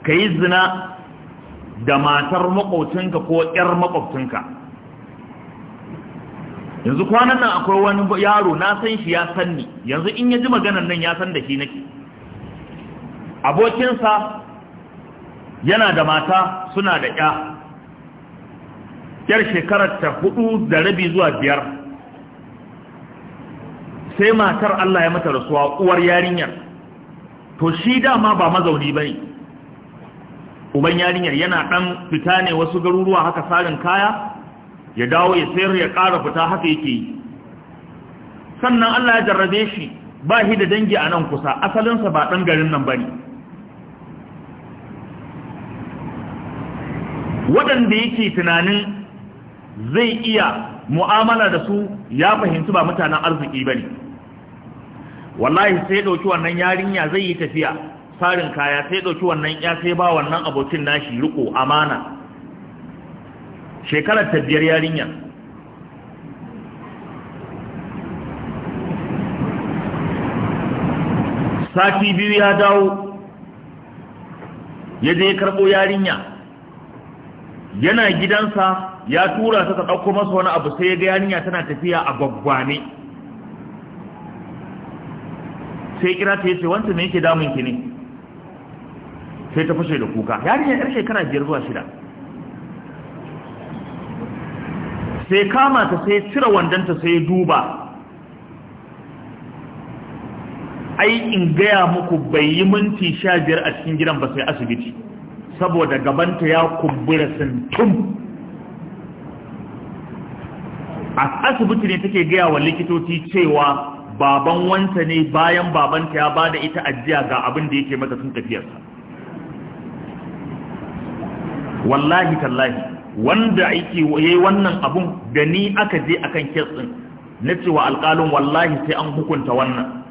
S2: yi zina da matar makwabcinka ko ƴar makwacinka yanzu kwanan nan akwai wani yaro na san shi ya san ni yanzu in ya ji maganar nan ya san da shi nake abokinsa yana da mata suna da ƴa yar shekarar ta hudu da rabi zuwa biyar sai matar Allah ya mata rasuwa uwar yarinyar to shi dama ba mazauni ba ne uban yarinyar yana ɗan fita ne wasu garuruwa haka sarin kaya ya dawo ya sayar ya ƙara fita haka yake yi sannan Allah ya jarrabe shi ba shi da dangi a nan kusa asalinsa ba ɗan garin nan ba ne waɗanda yake tunanin zai iya mu'amala da su ya fahimci ba mutanen arziki ba ne wallahi sai ɗauki wannan yarinya zai yi tafiya farin kaya sai ɗauki wannan ya sai ba wannan abokin nashi riko amana shekarar tabbiyar yarinya sati biyu ya dawo ya je karɓo yarinya yana gidansa ya tura ta ta ɗauko masa wani abu sai ya ga yarinya tana tafiya a gwaggwane sai kira ta yace wancan me yake damun ki ne sai ta fashe da kuka yarinya yar shekara biyar zuwa shida sai kama ta sai cire wandanta sai duba ai in gaya muku bai yi minti sha biyar a cikin gidan ba sai asibiti saboda gabanta ya kumbura sintum a asibiti ne take gaya wa likitoci cewa baban wansa ne bayan babanta ya bada ita ajiya ga abin da yake mata sun tafiyarsa wallahi tallahi wanda yake yayi wannan abun da ni aka je akan kes din na cewa alƙalin wallahi sai an hukunta wannan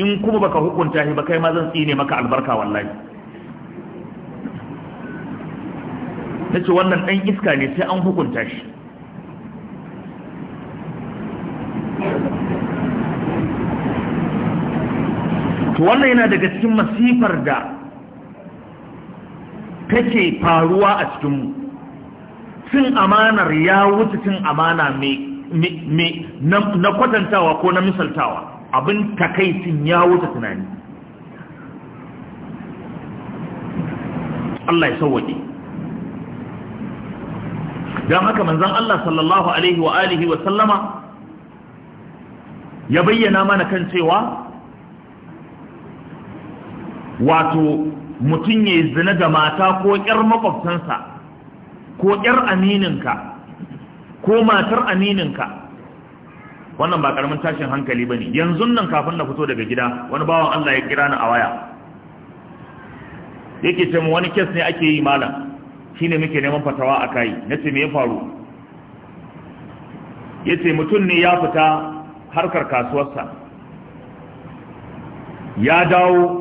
S2: in kuma baka hukunta shi ba kai ma zan tsine maka albarka wallahi na ce wannan ɗan iska ne sai an hukunta shi to wannan yana daga cikin masifar da take faruwa a cikinmu cin amanar ya wuce cin amana na kwatantawa ko na misaltawa abin takaicin ya wuce tunani Allah ya sauwaƙe don haka manzan Allah sallallahu Alaihi wa wa sallama ya bayyana mana kan cewa wato mutum ya yi zina da mata ko ƴar makwabtansa ko ƴar amininka ko matar amininka wannan ba karamin tashin hankali ba ne yanzu nan kafin na fito daga gida wani bawan Allah ya kira ni a waya yake ce mu wani kes ne ake yi malam shine muke neman fatawa a kai na ce me ya faru ya ce mutum ne ya fita harkar kasuwarsa ya dawo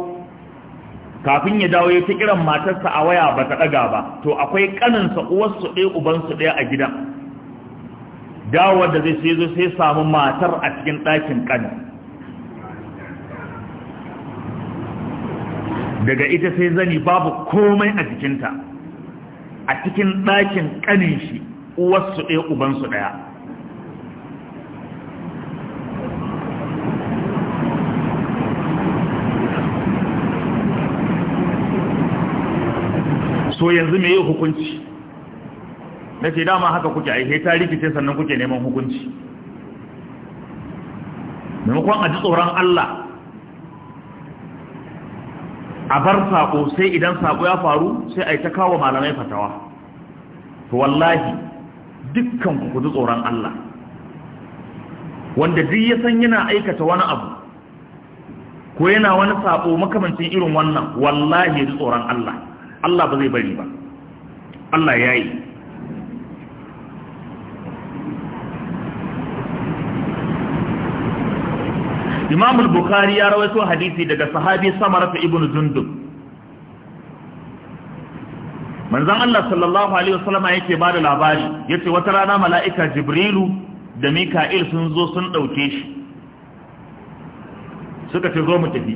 S2: kafin ya dawo ya ta kiran matarsa a waya ba ta ɗaga ba to akwai ƙaninsa uwarsu ɗaya ubansu ɗaya a gidan dawowar da zai sai zo sai samu matar a cikin ɗakin ƙanin. daga ita sai zani babu komai a jikinta a cikin ɗakin ƙanin shi uwarsu ɗaya ubansu ɗaya so yanzu me yi hukunci na ce dama haka kuke aihe ta rikice sannan kuke neman hukunci maimakon a ji tsoron Allah a bar saƙo sai idan saƙo ya faru sai a yi ta kawo malamai fatawa to wallahi dukkan ku ji tsoron Allah wanda duk ya san yana aikata wani abu ko yana wani saƙo makamancin irin wannan wallahi ya ji tsoron Allah Allah ba zai bari ba Allah ya yi Imam al-Bukhari ya rawaito hadisi daga sahabi Samara ibn Jundub Manzon Allah sallallahu alaihi wasallam yake bada labari yace wata rana mala'ika Jibrilu da Mika'il sun zo sun ɗauke shi suka ce zo mu tafi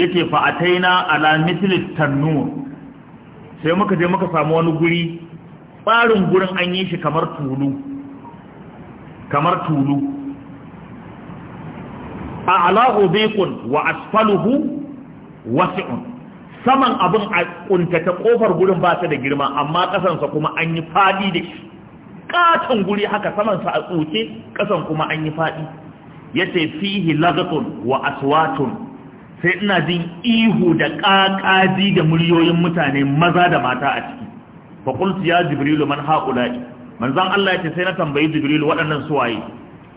S2: yace fa na ala mithli sai muka je muka samu wani guri tsarin gurin an yi shi kamar tulu kamar tulu a alahu bekun wa asfaluhu wasi'un saman abin a kuntata kofar gurin ba ta da girma amma kasansa kuma an yi fadi da shi katon guri haka samansa a tsoke kasan kuma an yi fadi yace fihi lagatun wa aswatun sai ina jin ihu da ƙaƙaji da muryoyin mutane maza da mata a ciki faƙultu ya jibrilu man haƙula'i manzan Allah ya ce sai na tambayi jibrilu waɗannan suwaye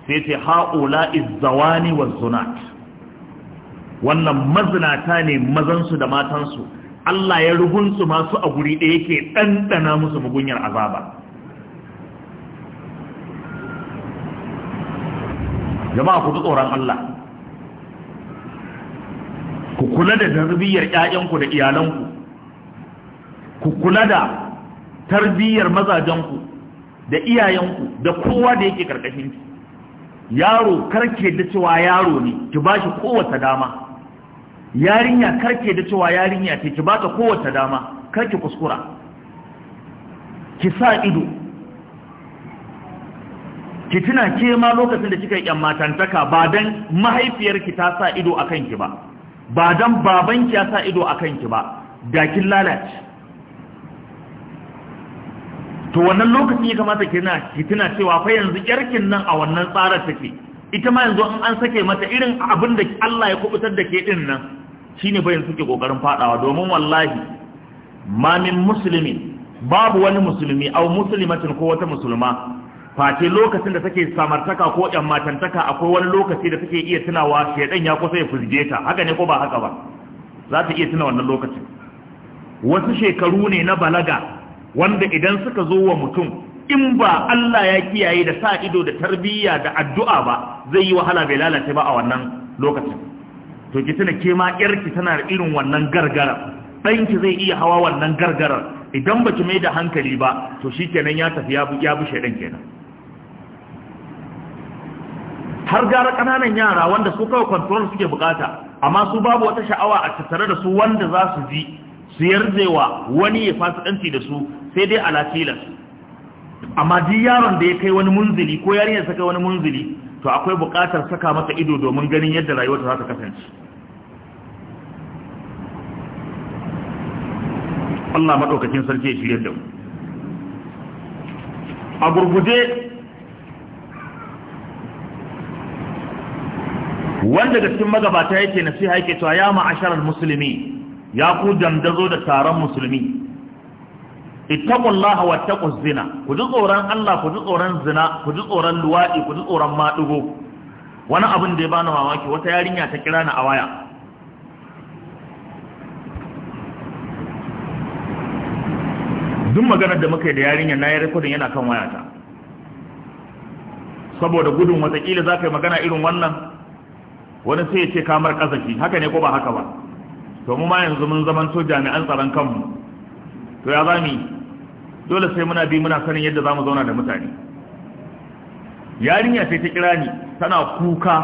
S2: sai ce haƙula'i zawani wa zunat wannan mazinata ne mazansu da matansu Allah ya rugunsu masu a guri ɗaya yake ɗanɗana musu mugunyar azaba jama'a ku tsoron Allah ku kula da tarbiyyar ƴaƴanku da iyalanku ku kula da tarbiyyar mazajenku da iyayenku da kowa da yake karkashin ki yaro karke da cewa yaro ne ki ba shi kowace dama yarinya karke da cewa yarinya ce ki ba ta kowace dama karki kuskura ki sa ido ki tuna ke ma lokacin da kika yi yan matantaka ba dan mahaifiyarki ta sa ido a kanki ba ba don babanki ya sa ido a kanki ba da kin lalace to wannan lokacin ya kamata ki tuna cewa fa yanzu yarkin nan a wannan tsarar take ita ma yanzu an sake mata irin abin da Allah ya kubutar da ke din nan shine bayan suke kokarin fadawa domin wallahi ma min muslimin babu wani musulmi au muslimatin ko wata musulma face lokacin da take samartaka ko yan matantaka akwai wani lokaci da take iya tunawa shedan ya kusa ya fuzge ta haka ne ko ba haka ba za ta iya tuna wannan lokacin wasu shekaru ne na balaga wanda idan suka zo wa mutum in ba Allah ya kiyaye da sa ido da tarbiyya da addu'a ba zai yi wahala bai lalace ba a wannan lokacin to ki tuna ke ma yarki tana da irin wannan gargara ɗanki zai iya hawa wannan gargara. idan baki mai da hankali ba to shikenan ya tafi ya bi shedan kenan har gara kananan yara wanda su kawai control suke bukata amma su babu wata sha'awa a tattare da su wanda za su ji su yarzewa wani ya fasikanci da su sai dai alatilas amma ji yaron da ya kai wani munzili ko yari ya saka wani munzili to akwai bukatar saka masa ido domin ganin yadda rayuwa za ta kasance Allah madaukakin sarki ya shirye da mu a gurguje wanda da cikin magabata yake nasiha yake cewa ya ma'asharar musulmi ya ku dandazo da taron musulmi ittaqullaha wattaquz zina ku ji tsoron Allah ku ji tsoron zina ku ji tsoron luwadi ku ji tsoron madugo wani abin da ya bani mamaki wata yarinya ta kira ni a waya duk maganar da muka yi da yarinya na yi rikodin yana kan wayata saboda gudun watakila za ka yi magana irin wannan wani sai ya ce kamar kasafi haka ne ko ba haka ba to mu ma yanzu mun zaman to jami'an tsaron kanmu to ya za mu dole sai muna bi muna sanin yadda za mu zauna da mutane yarinya sai ta kira ni tana kuka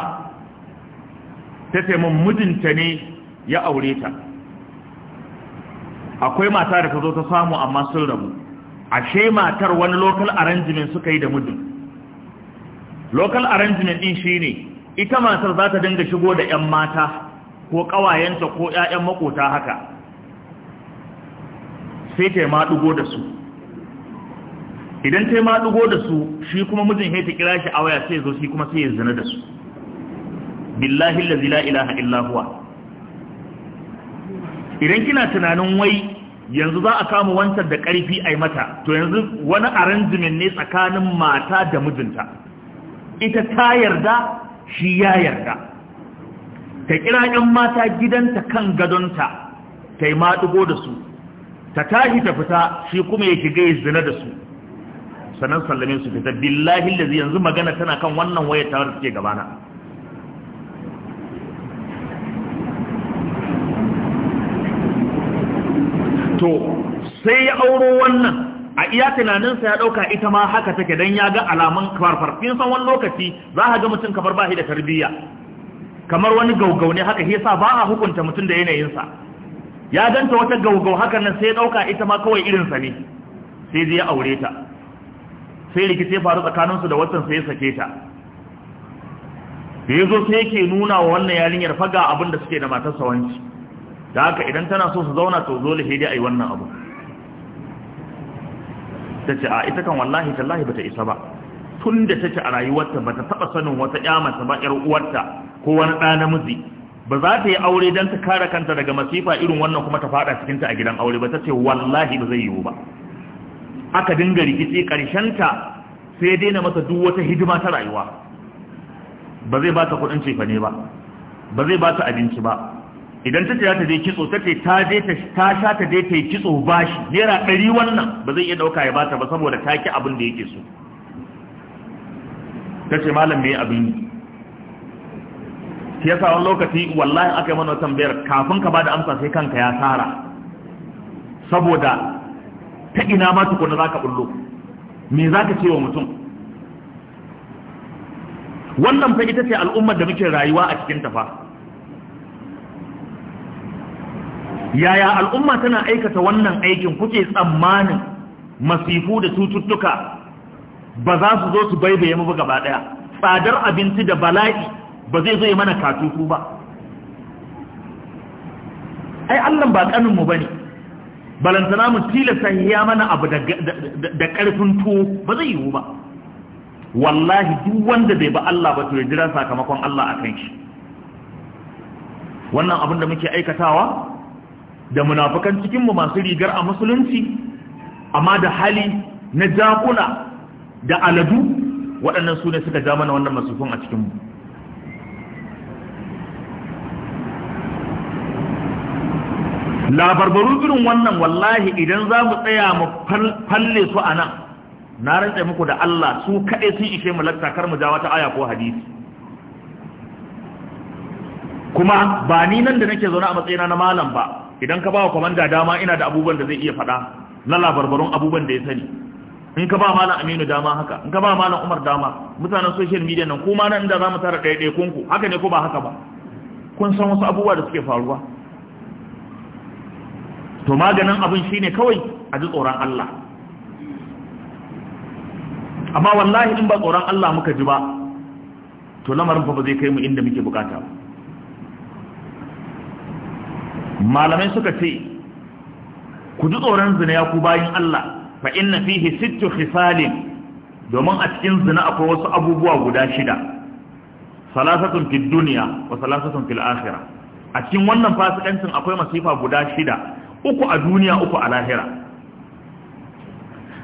S2: ta ce min mijinta ne ya aure ta akwai mata da ta zo ta samu amma sun rabu ashe matar wani local arrangement suka yi da mijin local arrangement din shine ita matar za ta dinga shigo da 'yan mata ko ƙawayenta ko 'ya'yan makota haka sai ta yi maɗugo da su idan ta yi maɗugo da su shi kuma mijin ya ta kira shi a waya sai zo shi kuma sai ya zina da su billahi lazi la ilaha illahuwa idan kina tunanin wai yanzu za a kama wancan da ƙarfi a mata to yanzu wani arrangement ne tsakanin mata da mijinta ita ta yarda shi ya yarda ta kira 'yan mata gidanta kan gadonta ta yi maɗigo da su ta tashi ta fita shi kuma ya shiga ya zina da su sannan sallame su fita billahi lazi yanzu magana tana kan wannan waya ta wata ce gabana to sai ya auro wannan a iya tunanin sa ya ɗauka ita ma haka take don ya ga alamun kafarfar san wani lokaci za a ga mutum kamar bahi da tarbiyya kamar wani gaugau ne haka yasa ba a hukunta mutum da yanayinsa ya danta wata gaugau hakan nan sai ya dauka ita ma kawai irin sa ne sai zai ya aure ta sai rikice faru tsakanin su da watan sai ya sake ta da ya zo sai yake nuna wa wannan yarinyar faga abin da suke da matarsa wanci da haka idan tana so su zauna to zo lahidi a yi wannan abu ta ce a ita kan wallahi tallahi bata isa ba tun da take a rayuwarta bata taba sanin wata yamata ba yar uwarta ko wani ɗa namiji ba za ta yi aure dan ta kare kanta daga masifa irin wannan kuma ta fada cikinta a gidan aure ba ta ce wallahi ba zai yiwu ba aka dinga rikici ta sai daina masa duk wata hidima ta rayuwa ba zai ba ta kudin cefane ba ba zai ba ta abinci ba idan ta ce ta je kitso ta ce ta je ta sha ta je ta yi kitso bashi naira ɗari wannan ba zai iya ɗauka ya bata ba saboda ta ki abin da yake so ta ce malam me abin yi ta yasa wani lokaci wallahi aka yi mana tambayar kafin ka bada amsa sai kanka ya tsara saboda ta ina ma tukuna za ka bullo me za ka ce wa mutum wannan fa ita ce al'ummar da muke rayuwa a cikin tafa yaya al'umma tana aikata wannan aikin kuke tsammanin masifu da cututtuka ba za su zo su baibaye mu gaba daya tsadar abinci da bala'i ba zai zo yi mana katutu ba ai allan ba kanin mu bane balantana mu tilasta ya mana abu da karfin tuwo ba zai yiwu ba wallahi duk wanda bai ba Allah ba to ya jira sakamakon Allah akan shi wannan abin da muke aikatawa da munafukan cikinmu masu rigar a musulunci amma da hali na jakuna da aladu waɗannan su ne suka ja wannan masufin a cikinmu labarbaru irin wannan wallahi idan za mu tsaya mu falle su a nan na rantse muku da Allah su kaɗai sun ishe mu lakta kar mu ja wata aya ko hadisi kuma ba ni nan da nake zaune a matsayina na malam ba idan ka ba wa kwamanda dama ina da abubuwan da zai iya faɗa na labarbarun abubuwan da ya sani in ka ba malam aminu dama haka in ka ba malam umar dama mutanen social media nan kuma nan inda za mu tara ɗaya kunku haka ne ko ba haka ba kun san wasu abubuwa da suke faruwa to maganin abin shine kawai a ji tsoron Allah amma wallahi in ba tsoron Allah muka ji ba to lamarin fa ba zai kai mu inda muke bukata ba malamai suka ce ku ji tsoron zina ya ku bayin Allah fa inna fihi sittu khisalin domin a cikin zina akwai wasu abubuwa guda shida salasatun fid dunya wa salasatun fil akhirah a cikin wannan fasikancin akwai masifa guda shida uku a duniya uku a lahira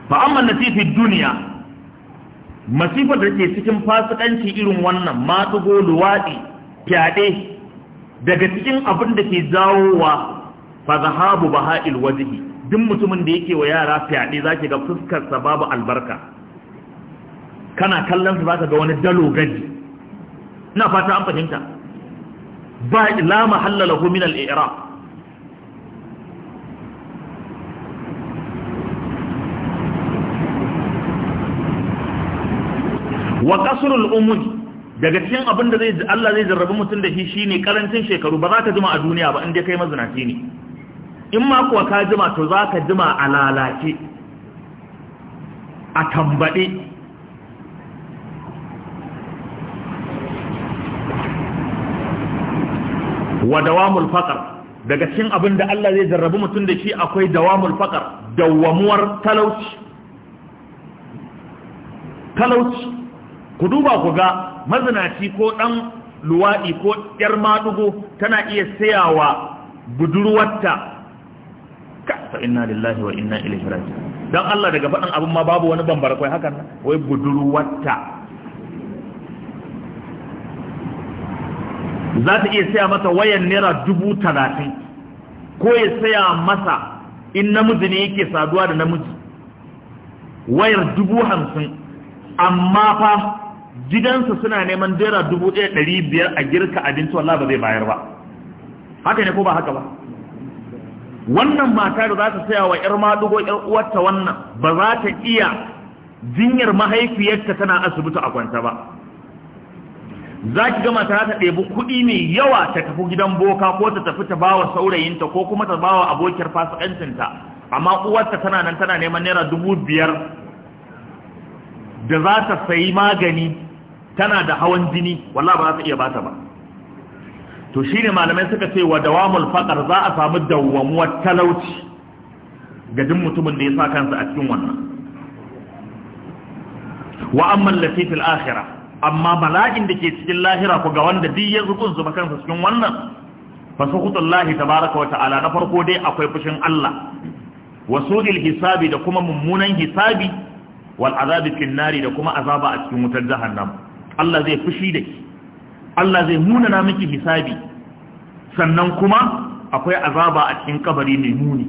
S2: fa amma nati fid dunya masifar da ke cikin fasikanci irin wannan matsugo luwadi fyaɗe daga cikin abin da ke jawo fa zahabu baha'il wajibi, duk mutumin da yake wa yara fyaɗe zaki ga fuskarsa babu albarka kana kallon su zaka ga wani dalo gaji ina fata an fahimta ba la mahalla lahu min al-i'rab wa qasrul umuri daga cikin abin da Allah zai jarrabi mutum da shi shine karancin shekaru ba za ka jima a duniya ba in dai kai mazinaci ne in ma kuwa ka jima to za ka jima a lalace a tambaɗe wa dawamul faƙar daga cikin abin da Allah zai jarrabi mutum da shi akwai dawamul faƙar dawamuwar talauci talauci ku duba ku ga mazinaci ko ɗan luwaɗi ko ƴar maɗugo tana iya sayawa budurwarta ka inna lillahi wa inna ilaihi raji'un dan Allah daga faɗin abin ma babu wani bambara kai hakan wai budurwarta za ta iya saya masa wayan naira dubu talatin ko ya saya masa in namiji ne yake saduwa da namiji wayar dubu hamsin amma fa gidansa suna neman dera dubu ɗaya ɗari biyar a girka abinci wallah ba zai bayar ba haka ne ko ba haka ba wannan mata da za ta saya wa ƴar madugo ƴar uwarta wannan ba za ta iya jinyar mahaifiyarta tana asibiti a kwanta ba za ki gama ta ta ɗebi kuɗi mai yawa ta tafi gidan boka ko ta tafi ta bawa saurayinta ko kuma ta bawa abokiyar fasikancinta amma uwarta tana nan tana neman naira dubu biyar da za ta sayi magani tana da hawan jini wallahi ba za ta iya bata ba to shine malamai suka ce wa dawamul faqar za a samu dawwamuwar talauci ga duk mutumin da ya sa kansa a cikin wannan wa amma latifil akhirah amma bala'in da ke cikin lahira ku ga wanda duk ya zukun zuba kansa cikin wannan fa sukutullahi tabaraka wa ta'ala na farko dai akwai fushin Allah wa su'il hisabi da kuma mummunan hisabi wal azabi fin nari da kuma azaba a cikin wutar jahannam Allah zai fushi da ke, Allah zai na miki hisabi sannan kuma akwai azaba a cikin kabari mai muni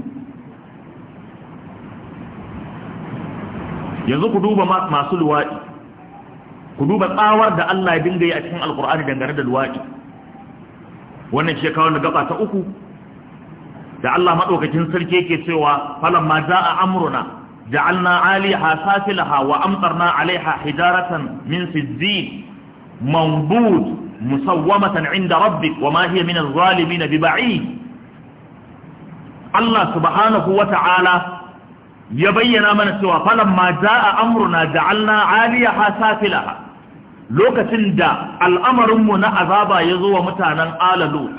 S2: yanzu ku duba masu luwaɗi ku duba tsawar da Allah ya dinga yi a cikin alkur'ani dangane da luwaɗi wannan shekawar na gaba ta uku da Allah maɗaukakin sarki ke cewa falon ma za a amurna ja'alna 'aliha safilaha wa amtarna 'alayha hijaratan min sijjin manbut musawwamatan 'inda rabbi wa ma hiya min adh Allah subhanahu wa ta'ala ya bayyana mana cewa falamma ja'a na ja'alna 'aliha safilaha lokacin da al'amarinmu na azaba ya zo wa mutanen alalu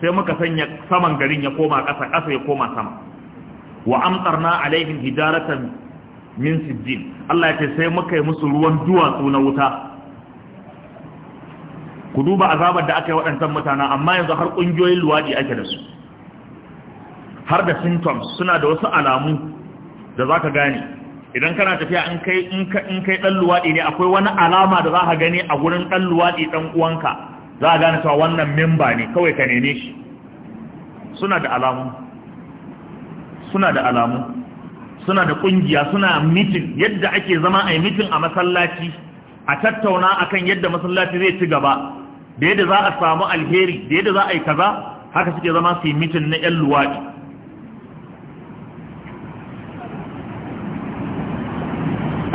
S2: sai muka sanya saman garin ya koma kasa ya koma sama wa amtarna alaihim hijaratan min sijjin Allah ya ce sai muka yi musu ruwan duwatsu na wuta ku duba azabar da aka yi waɗansan mutane amma yanzu har ƙungiyoyin luwaɗi ake da su har da symptoms suna da wasu alamu da za ka gane idan kana tafiya in kai in kai ɗan luwaɗi ne akwai wani alama da za ka gani a gurin ɗan luwaɗi ɗan uwanka za a gane cewa wannan memba ne kawai ka neme shi suna da alamu suna da alamu suna da kungiya suna mitin yadda ake zama a yi mitin a masallaci a tattauna akan yadda masallaci zai ci gaba da yadda za a samu alheri da yadda za a yi kaza haka suke zama su yi mitin na 'yan luwaɗi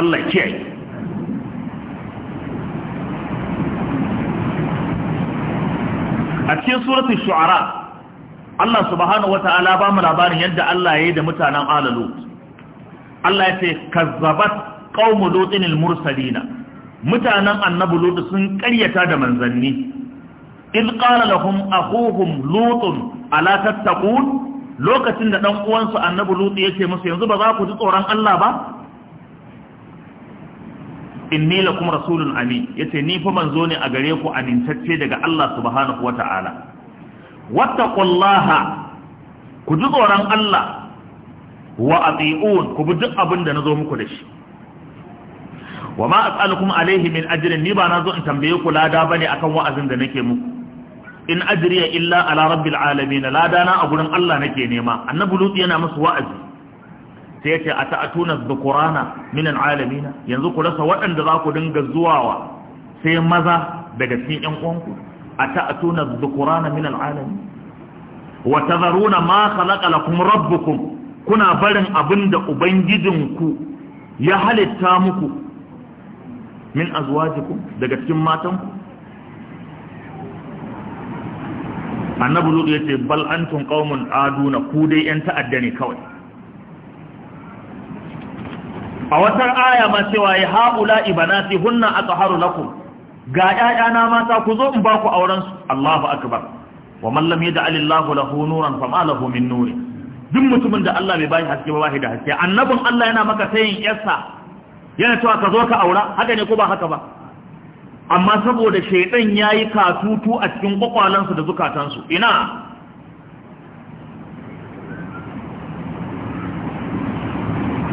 S2: Allah kiyaye a cikin suratul shu'ara Allah subhanahu wata'ala ba mu labarin yadda Allah ya yi da mutanen alalu Allah ya ce kazzabat qaumu lutin mursalina mutanen annabi lut sun ƙaryata da manzanni in qala lahum akhuhum lutun ala tattaqun lokacin da ɗan uwansu annabi lutu ya ce musu yanzu ba za ku ji tsoron Allah ba inni lakum rasulun amin yace ni fa manzo ne a gare ku amintacce daga Allah subhanahu wata'ala wattaqullaha ku ji tsoron Allah wa ati'un ku bi duk abin da nazo muku da shi wa ma as'alukum alaihi min ajrin ni ba nazo in tambaye ku lada bane akan wa'azin da nake muku in ajriya illa ala rabbil alamin lada na a gurin Allah nake nema annabi lut yana masu wa'azi sai yace ata'atuna dhukurana min alamin yanzu ku rasa waɗanda za ku dinga wa sai maza daga cikin ƴan uwanku ata'tuna dhukurana min al'alam wa tadharuna ma khalaqa lakum ku kuna barin abinda ubangijinku ya halitta muku min azwajikum daga cikin matan annabi zuwa yace bal antum qaumun aduna ku dai yan ta'adda ne kawai a watan aya ma cewa ya haula ibanati hunna atharu lakum ga ƴaƴana mata ku zo in ba ku auren su Allahu akbar wa man lam Alillahu lahu nuran fama lahu min nuri duk mutumin da Allah bai bashi haske ba bashi da haske annabin Allah yana maka sayin yarsa yana cewa ka zo ka aura haka ne ko ba haka ba amma saboda shaidan yayi katutu a cikin kwakwalansu da zukatansu ina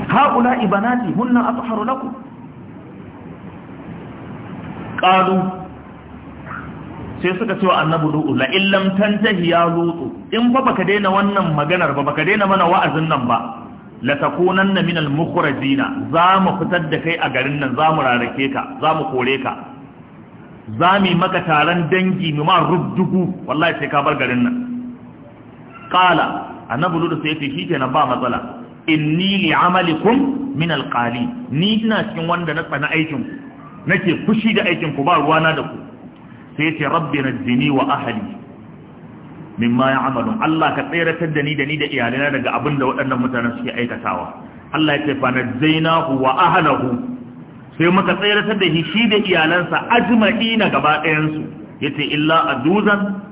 S2: ha'ula ibanati hunna a lakum qalu sai suka ce wa annabi lu'u la illam tantahi ya lutu in fa baka daina wannan maganar ba baka daina mana wa'azin nan ba la takunanna min al mukhrajina za mu fitar da kai a garin nan za mu rarake ka za mu kore ka za mu maka taron dangi mu ma rubdugu wallahi sai ka bar garin nan qala annabi lu'u sai ya ce kenan ba matsala inni li amalikum min alkali. ni ina cikin wanda na tsana aikin ku nake fushi da aikin ku ba na da ku sai ce rabbi najini wa ahli mimma ya'malu Allah ka tsayratar da ni da ni da iyalina daga abin da waɗannan mutanen suke aikatawa Allah ya ce fa wa ahlihi sai muka tsayratar da shi shi da iyalansa ajma'ina gaba ɗayan su yace illa aduzan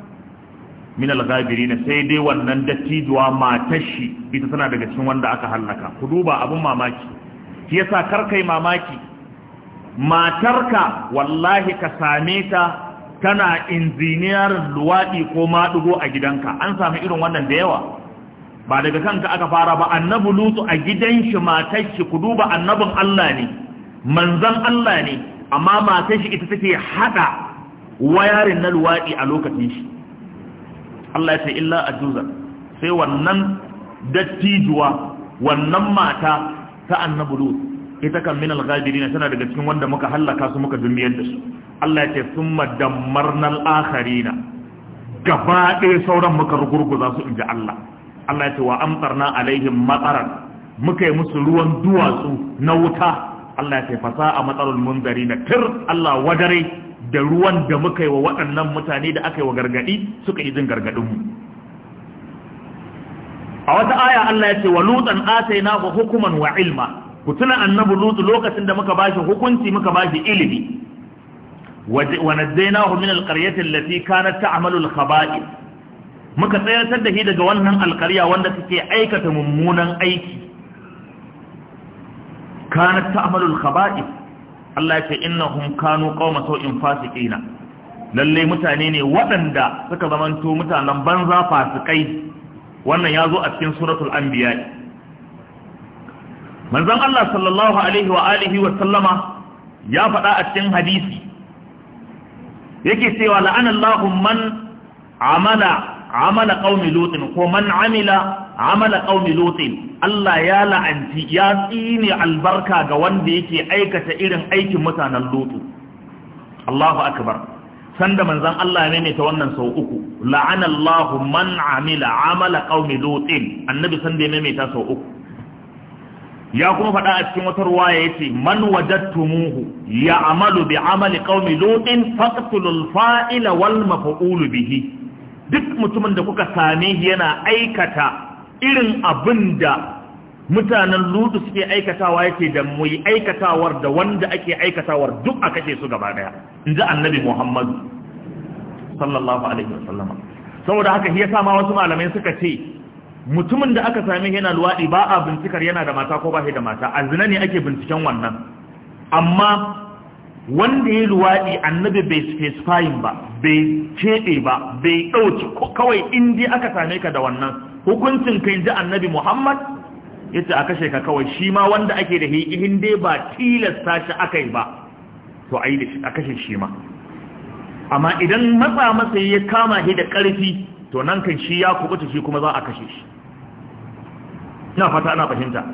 S2: min al-ghabirin sai dai wannan dattijuwa matar shi ita tana daga cikin wanda aka halaka ku duba abin mamaki shi yasa kar kai mamaki matarka wallahi ka same ta tana inziniyar luwaɗi ko maɗugo a gidanka an sami irin wannan da yawa ba daga kanka aka fara ba annabu lutu a gidan shi matar shi ku duba annabin Allah ne manzan Allah ne amma matar shi ita take hada wayarin na luwaɗi a lokacin shi Allah ya ce illa ajuza sai wannan dattijuwa wannan mata ta annabu lutu ita kan minal ghabirin tana daga cikin wanda muka halaka su muka dumiyar da su Allah ya ce summa dammarnal akharina gaba ɗaya sauran muka rugurguza su inji Allah Allah ya ce wa amtarna alaihim mataran muka yi musu ruwan duwatsu na wuta Allah ya ce fasa a matsalul munzarina tir Allah wadare da ruwan da muka yi wa waɗannan mutane da aka yi wa gargaɗi suka yi jin gargaɗinmu a wata aya Allah ya ce wa lutan wa hukuman wa ilma ku tuna annabi lutu lokacin da muka bashi hukunci muka bashi ilimi wa najjaynahu min alqaryati allati kanat ta'malu alkhaba'ith muka tsayar da shi daga wannan alqarya wanda take aikata mummunan aiki kanat ta'malu alkhaba'ith Allah ya ce innahum kanu qauma sau'in fasiqina lalle mutane ne waɗanda suka zamanto mutanen banza fasikai wannan ya zo a cikin suratul anbiya manzon Allah sallallahu alaihi wa alihi wa sallama ya faɗa a cikin hadisi yake cewa allahu man amala amala qaumi lutin ko man amila amala qaumi lutin Allah ya la'anci ya tsine albarka ga wanda yake aikata irin aikin mutanen lutu Allahu akbar sanda manzon Allah ya maimaita wannan sau uku allahu man amila amala qaumi lutin annabi sanda ya maimaita sau uku ya kuma faɗa a cikin wata ya yace man ya amalu bi amali qaumi lutin faqtulul fa'ila wal maf'ul bihi duk mutumin da kuka same shi yana aikata irin abinda mutanen lutu suke aikatawa yake da mu yi aikatawar da wanda ake aikatawar duk a kashe su gaba daya inji annabi Muhammad sallallahu alaihi wasallama saboda haka shi yasa ma wasu malamai suka ce mutumin da aka same yana luwaɗi ba a bincikar yana da mata ko ba shi da mata a zina ne ake binciken wannan amma wanda ya luwaɗi annabi bai specifying ba bai keɓe ba bai ɗauki kawai indi aka same ka da wannan hukuncin kai ji annabi muhammad ya ce a kashe ka kawai shi ma wanda ake da hikihin dai ba tilasta shi aka yi ba to a yi da a kashe shi ma amma idan matsa masa ya kama shi da ƙarfi to nan kan shi ya kubuta shi kuma za a kashe shi ina fata ana fahimta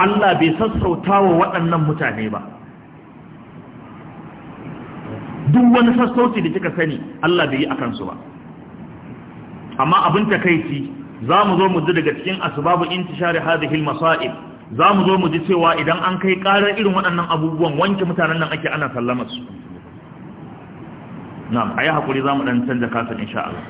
S2: Allah bai sassauta wa waɗannan mutane ba duk wani sassauci da kika sani Allah bai yi a kansu ba amma abin takaici za mu zo mu ji daga cikin asbabu intishari hadhihi al-masa'ib za mu zo mu ji cewa idan an kai ƙarar irin waɗannan abubuwan wanke mutanen nan ake ana sallama su na'am ayi hakuri za mu dan canja kasan insha Allah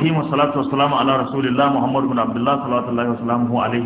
S2: ibrahim wa salatu wa salamu ala rasulillah muhammadu bin abdullahi salatu wa salamu alaihi